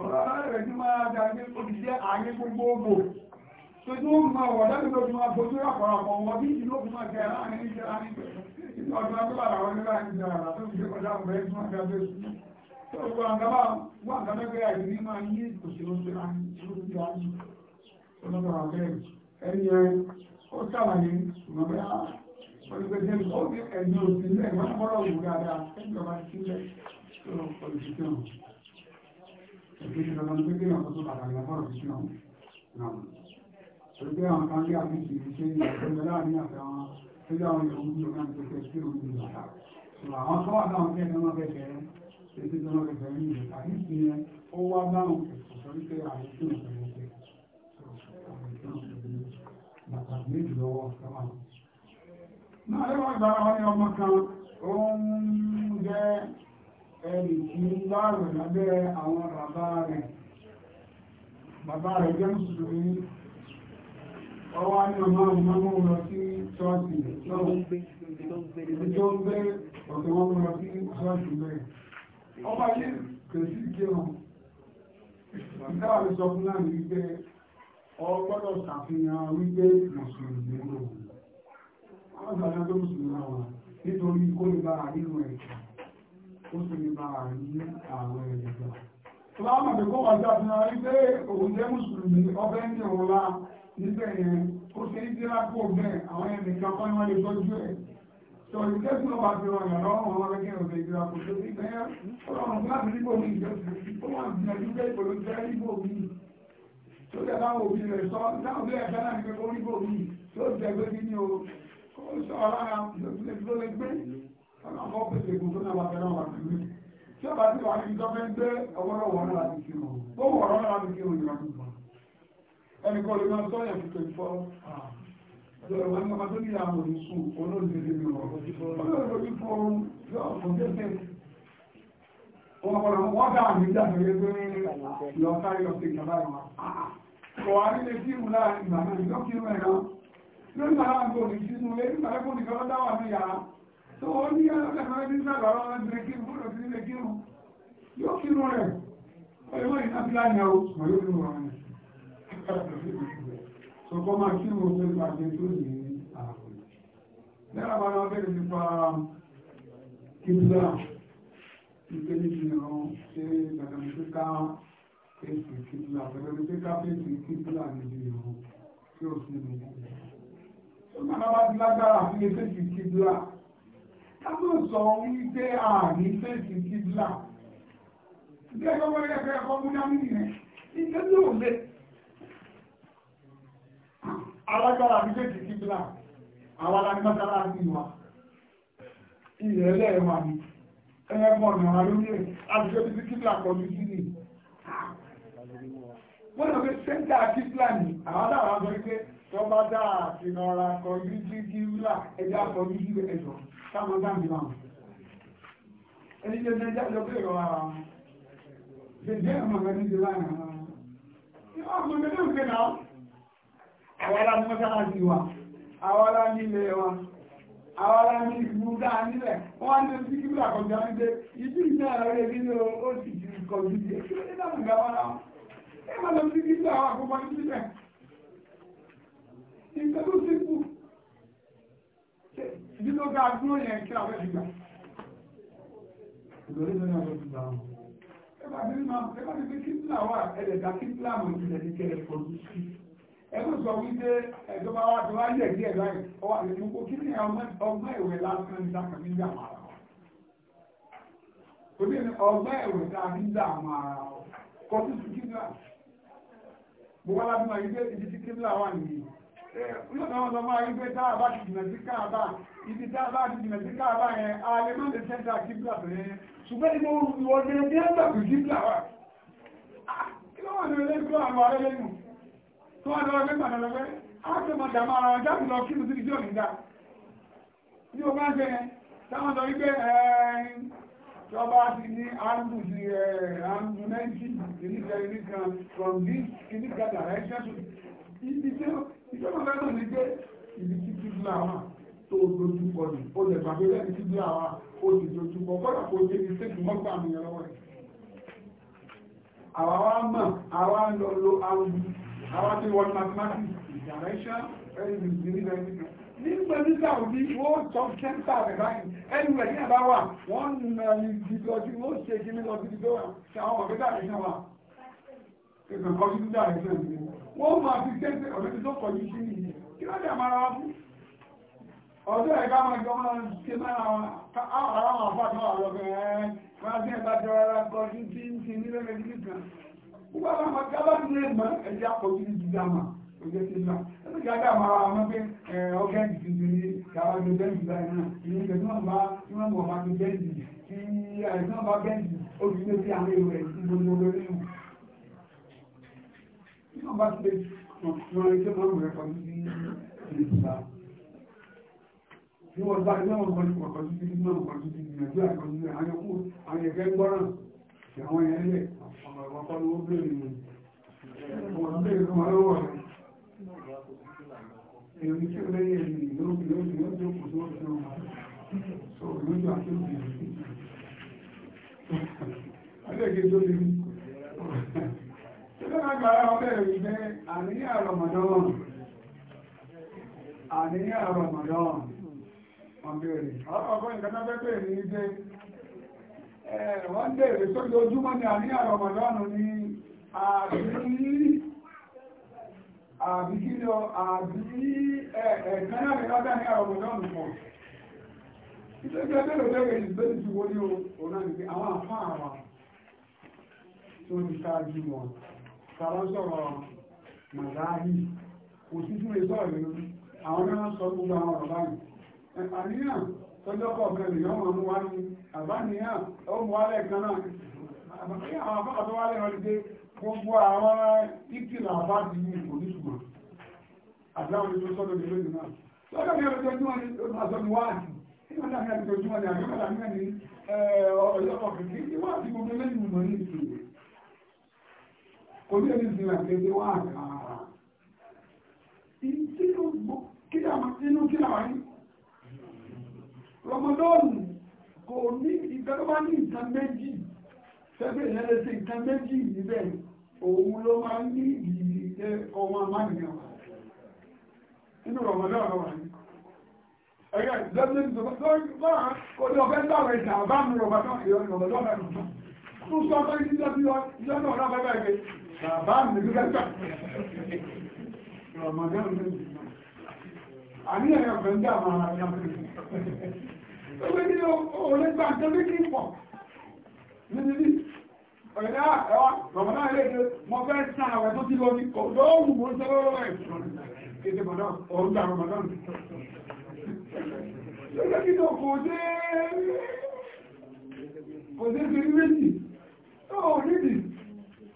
ọ̀rọ̀ rẹ̀ ní máa dá ní òṣìṣẹ́ ààyè gbogbogbò tó tí wọ́n máa wọ̀ lẹ́nu lójú wa fojú àpọ̀rọ̀pọ̀ wọn bí ìlú òfin máa jẹ́ láàrin ìjẹ́ gbogbo àgbàbà wà gbàgbẹ́gbẹ́ àìrí ní máa yí òṣèlú Ẹgbẹ́ ìjọba ń gbé gbìyànjú tó bàtàrí àpọ̀rọ̀ sí ọ̀hún. Ṣorí pé àwọn kan ní àmì ìṣèlú ṣe ní ọ̀pọ̀lọpọ̀ láàrin àtàwọn tó yá àwọn ìròyìn ìjọba èdè náà rẹ̀ bẹ̀rẹ̀ ní ìgbà nígbà yẹn ó wá báwọn ìsọ̀tọ̀ wípé àwọn tí wọ́n fẹ́ wípé àwọn tí wọ́n fẹ́ wípé bàtà méjì lọ́wọ́ sábà. náà lẹ́wọ̀n ìgbàlá wọn ni ọmọ kan ó ń jẹ́ ẹnì tí ń bá rẹ̀ bàbá rẹ̀ jẹ́ mùsùlùmí ọwọ́ ní ọmọ ọmọ lọ sí ṣọ́ọ̀ṣì lọ́wọ́ ibi ń gbé ọ̀tọ̀ lọ sí ṣọ́ọ̀ṣì bẹ́ẹ̀ ọba yìí kò sí kírun ìtawà lè sọ fún náà ní wípé ọ gbọ́dọ̀ ṣàfihàn wípé mùsùlùmí náà àwọn ìgbàlá tó mùsùlùmí náà wà nítorí kó lè bá nínú ẹ̀kọ́ ó sì lè bá ní àwọn ẹ̀dẹ̀gbà tó bá mọ̀ pé kó wà sí wípé òun jẹ́ mùsùlùmí ọbẹ̀ ní òun lá níbẹ̀ yẹn ó ṣe ń dírá kó bẹ́ẹ̀ àwọn ẹnìkan kọ́ ni wọ́n lè tọ́jú ẹ̀ So you just know about your own, you know, I'm not going to be able to do it there. But I'm not going to be able to do it. People want to be able to do it. So that I will be there. So now they are going to be able to do it. So they are going to be able to do it. So I am going to be able to not be able to do it. Tí a bá ti wà ní ìjọba ń gbé ọwọ́lọ́wọ́ náà láti kí wọn. náà láti kí wọn 24 Ìjọba wọn ní ọmọ tó ní àwọn oníṣùn olóògbé ní ọ̀rọ̀. Olóògbé fún ọrùn yóò fún jẹ́ Ọmọkùnrin wọ́n dáa ní ìdájọ́ ẹgbẹ́ lọ́kárí ọ̀sẹ̀ ìjọba ìwọ̀n. Kọ̀wárí lè kí ìmúlá ìgbà náà ìjọ́kírùn ẹ̀rọ. Lónìí àwọn àgbò ní sínú lé nígbà lẹ́kùn nìkan lọ́dá wà ní yàrá. Tó ó ní ẹlẹ́kùnrin ní sàgbà lọ́wọ́ ẹgbẹ́ kírun fún ọ̀sẹ̀ ilé kírun. Yóò kírun rẹ̀. Ọ̀yọ́ ìná sọkọ́ máa kí wọ́n fẹ́ pàṣẹ tó ní ààrùn lẹ́ra bá náà bẹ̀rẹ̀ nípa kíbla ìpé ní fi hàn ṣe gbàgbà pé ká fèsì kíbla gbàgbà pé ká fèsì kíbla níbi ìhàn tí ó sì ní kíbla sọgbàdá bá ti lágbára fún ilé fèsì kíbla ká tó sọ wípé ààrin fèsì kíbla bí ẹgbẹ́ wọlé ẹgbẹ́ ẹ̀kọ́ alágbára méjèèjì kíbílà àwọn alágbára sí wa ilẹ̀ ẹlẹ́ wa ni ẹgbẹ́ ọ̀nà wa lórí ẹ̀ àdúgbò sí kíbílà pọ̀lú sí ni wọ́n lọ pé sẹ́ńtà kíbílà ni àwọn aláwọ̀ á sọ tó bá dá àti nọra kọjú sí kíbílà ẹja kọjú sí ẹ̀sọ̀ táwọn dáàbì náà ẹni jẹ́ jẹ́ jẹ́ pé ìrọ̀ ara jẹ́ jẹ́ ọmọ àwọn ará ní mọ́sálásí wa àwọn ará ní ilé wa àwọn ará ní ìlú dáa nílẹ̀ wọ́n ní sí kí bílà kọjá ní dé ìdí ìdá rẹ̀ nínú ó sì ti kọjú sí kí ló dé náà nígbà wọn náà ẹ má lọ sí kí bílà wà kó bọ́ nílẹ̀ nǹkan tó ti kú ìdí tó ga dúró yẹn kí àwọn ẹ̀dìgbà ìgbòrí ló ní àwọn ẹ̀dìgbà wọn ẹ bá ní máa ẹ bá ti fi kí bílà wà ẹ̀dẹ̀dà kí bílà mọ̀ ìjìnlẹ̀ ní kẹrẹ̀ pọ̀ sí ẹgbẹ́ sọ wípé ẹ̀dọ́gba wa ti wá yẹ̀ díẹ̀ láì ọ wà lẹ́nu kí ni ọgbọ́n ìwé lásán ní sáà ní ìwé sí sí wá máa ibi wà nìyí máa ti jìnà sí ibi ti jìnà sí yẹn tó wá lọ́wọ́ pẹ́pà náà lọ́pẹ́ ákẹ́mọ̀ dàmọ́ ara wọn jáde lọ kírun síbi tí ò ní dá ní o bá ń ṣe táwọn sọ wípé ìjọba ti ní àrùn sí àrùn mẹ́jì ìníkẹ́ ìníkan from this clinical direction to ibi tí ìjọba o lè gbàgbé lẹ́ni àwọn tí wọ́n mathematics ìdàmẹ́ṣà ẹni ìgbìmí lẹ́yìn nígbà nígbà ní sàwùdí wọ́n tọ́ kẹ́ńtà rẹ̀ báyìí ẹni rẹ̀ ní àbá wà wọ́n nà uh, ní ìdìbò tí wọ́n ṣe kí ní lọ sí ìdìbò tí àwọn ọ̀gẹ́dà rẹ̀ náà wà ẹ̀sùn kan sí dídá rẹ̀ náà ni wọ́n máa fi kẹ́ńtà ọ̀gẹ́dà tó kọjú sí ní kí wọ́n dẹ̀ máa ra wá fún ọ̀dọ́ ẹ̀ ká máa jọ máa ṣe máa àwọn àfáàtọ̀ àwọn ọ̀gẹ́ gbogbo àwọn ọmọ gábà ní ẹ̀mọ́ ẹ̀jẹ̀ àpọ̀jù ní gíga mà ọjọ́ ti là ẹ̀sìn gàgà máa wà wọn pé ọkẹ́ ìdìbò ní gàgà ní bẹ́ẹ̀dì báyìí náà ìyẹn ìgbẹ́ tí wọ́n bá tí wọ́n bọ̀ máa fi bẹ́ẹ̀dì tí àìsàn bá bẹ́ẹ̀dì obìnrin sí àwọn èrò ẹ̀ sí gbogbo lórí nù. tí wọ́n bá ti wọn ẹgbẹ́ máa ń rẹ̀ pọ̀ sí ìgbà tí wọ́n bá ní àwọn ọmọ ìpọ̀kọ̀ sí ìgbà ẹ̀wọ̀n yẹn lẹ̀ ọmọ ẹ̀wọ̀n tó ló bèèrè mi ọmọ bèèrè ọmọ lọ́wọ́ rẹ̀ èyí tí ó lẹ́yìn ẹ̀yìn lóbi lóbi ló jókòó tó fi ọmọ sọ lójú àti òbí ọlẹ́gẹ̀ tó lè rí tí lọ́nà gbàrá ọbẹ̀ rí bẹ́ àníyàn Ramadan àníyàn Ramadan ọmọ bèèrè ọkọ̀ nǹkan tó bẹ́ bẹ́ẹ̀ ní bẹ́ẹ̀ wọ́n bèèrè sójú ojúmọ́ ní àníyàn ọmọdánù ní àbí kílọ àbí ẹ̀ẹ̀kan náà ní lọ́dá ní ọmọdánù pọ̀ ìtẹ́jẹ́ bèèrè bèèrè ìgbésí ti wó ní ọ̀nà ní àwọn àfáà wà tó ní ṣáájú wọn sàrọ́ màdáhì kò sí tún lè àwọn náà sọ gbogbo àwọn ọ̀rọ̀ báyìí tọ́jọ́kọ̀ bẹ̀rẹ̀ yọ́ mọ̀ mú wá ní àbáníyàn ó mú wálẹ̀ kan náà àwọn afọ́kà tó wálẹ̀ wọn dé gbogbo àwọn ìtìlà bá di ní ìfòdíṣùgbọ̀n àdáwọn ìlú sọ́dọ̀ ní lónìí náà lọ́dọ̀ ní ọjọ́ tí wọ́n ní ọjọ́ ní wáàdì nígbàdà ní ọjọ́ tí wọ́n ní àgbẹ̀mọ̀dà ní ẹni ọ̀yọ́ ọ̀kìkì ní wáàdì gbogbo lẹ́yìn mọ̀ ní ìsìn kò ní ẹni rọmọdọ́ọ̀nù kò ní ìgbẹ́lọ́wọ́ ní nǹkan méjì fẹ́bẹ̀ lẹ́lẹ́ sí nǹkan méjì níbẹ̀ òun ló máa ń ní ìdí ilé ọmọ amáyàn wà nínú rọmọdọ́ọ̀nù wà ní ẹgbẹ́ ìgbẹ́lẹ́ Rọ̀mọ̀dé ọ̀rọ̀ ìgbà. Àníyàn ẹ̀fẹ̀ ń dà máa ra ìyàmọ̀ ìgbà. Ewé ní òòlé gba nǹkan méjì pọ̀. Níbi ọ̀yẹ́dá ẹ̀wà bàbá náà lè ṣe mọ fẹ́ sàn àwẹ̀ tó ti lọ ní ọ̀dọ́ òwú mọ́ sọ́wọ́ lọ́wọ́ ẹ̀. Kéde bàbá ọ̀hún gbà bàbá mi. Lọ́jọ́ kí ló kò dé kò dé fi méjì. Ó níbi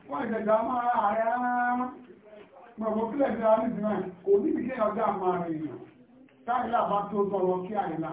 wọ́n ìjẹ̀dá máa ààrẹ rárá. Gbọ̀gbọ̀ kílẹ̀ fi ara nídìí náà kò níbi kéèyàn dá máa rìn. Táyìlá bá tó sọ̀rọ̀ kí àyìlá.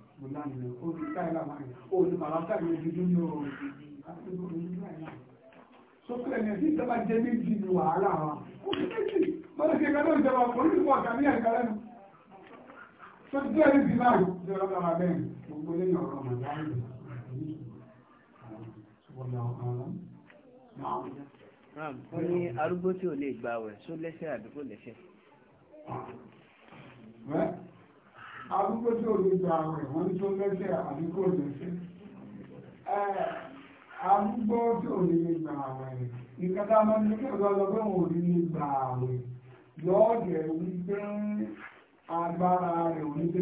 lánàá ó ti táyà láwọn àyà ó ní màláta yẹn ti dún ní òòrùn àtúntò ní táyà náà sókè ẹni ẹtí ìjọba jẹ méjì ní wàhálà wa ó ti méjì mọ́tò kí ẹgbẹ́ náà ìjọba kò ní ìwọ̀n kàmí ẹ̀ka lẹ́nu tó ti tó ẹni bí náà ìjọba náà wà bẹ́ẹ̀ gbogbo lẹ́yìn ọ̀rọ̀ màláyé ó ní arúgbó tí ò lè gbààwẹ̀ só lẹ́sẹ̀ àbí lẹ́sẹ̀ arúgbó tí ò lè gba àwẹ̀ wọ́n tó lẹ́sẹ̀ àbí kò lẹ́sẹ̀ arúgbó tí ò lè gba àwẹ̀ nǹkan tá a máa ń ní kẹ́kọ̀ọ́ lọ́gbẹ́ wọn ò ní lè gba àwẹ̀ lọ́ọ̀dẹ̀ wípé agbára tí ò fi lè gbé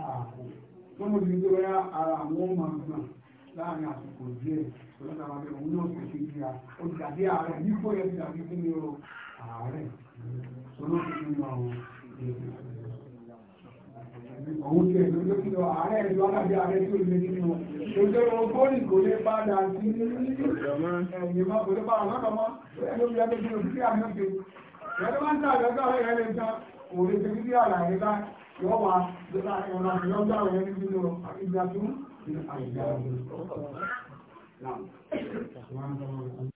àwẹ̀ tó mo ti ara àwọn ọmọ náà láàrin àsìkò díẹ̀ lọ́dà máa bẹ̀rẹ̀ òun náà kò ṣe bí i ó ti dàbí ààrẹ ní kó yẹ ti dàbí kí ni o ààrẹ olóòtú ní ma o òun tiẹ̀ ló ló kí lọ ààrẹ ìlú alábí ààrẹ tí ó lè kí lọ ojú ọ̀rọ̀ bóòlì kò lè bá dà sí ẹ̀yìn mọ́ kò lè bá àwọn ọmọ ẹni ó fi ẹgbẹ́ bí ojú àmì òkè ẹni máa ń tà lọ́gbà ọ̀rẹ́ rẹ̀ lè tán òun lè fi bí àlàyé bá yọ wà lọ́gbà ọ̀rẹ́ rẹ̀ nínú ìgbà tó Thank you.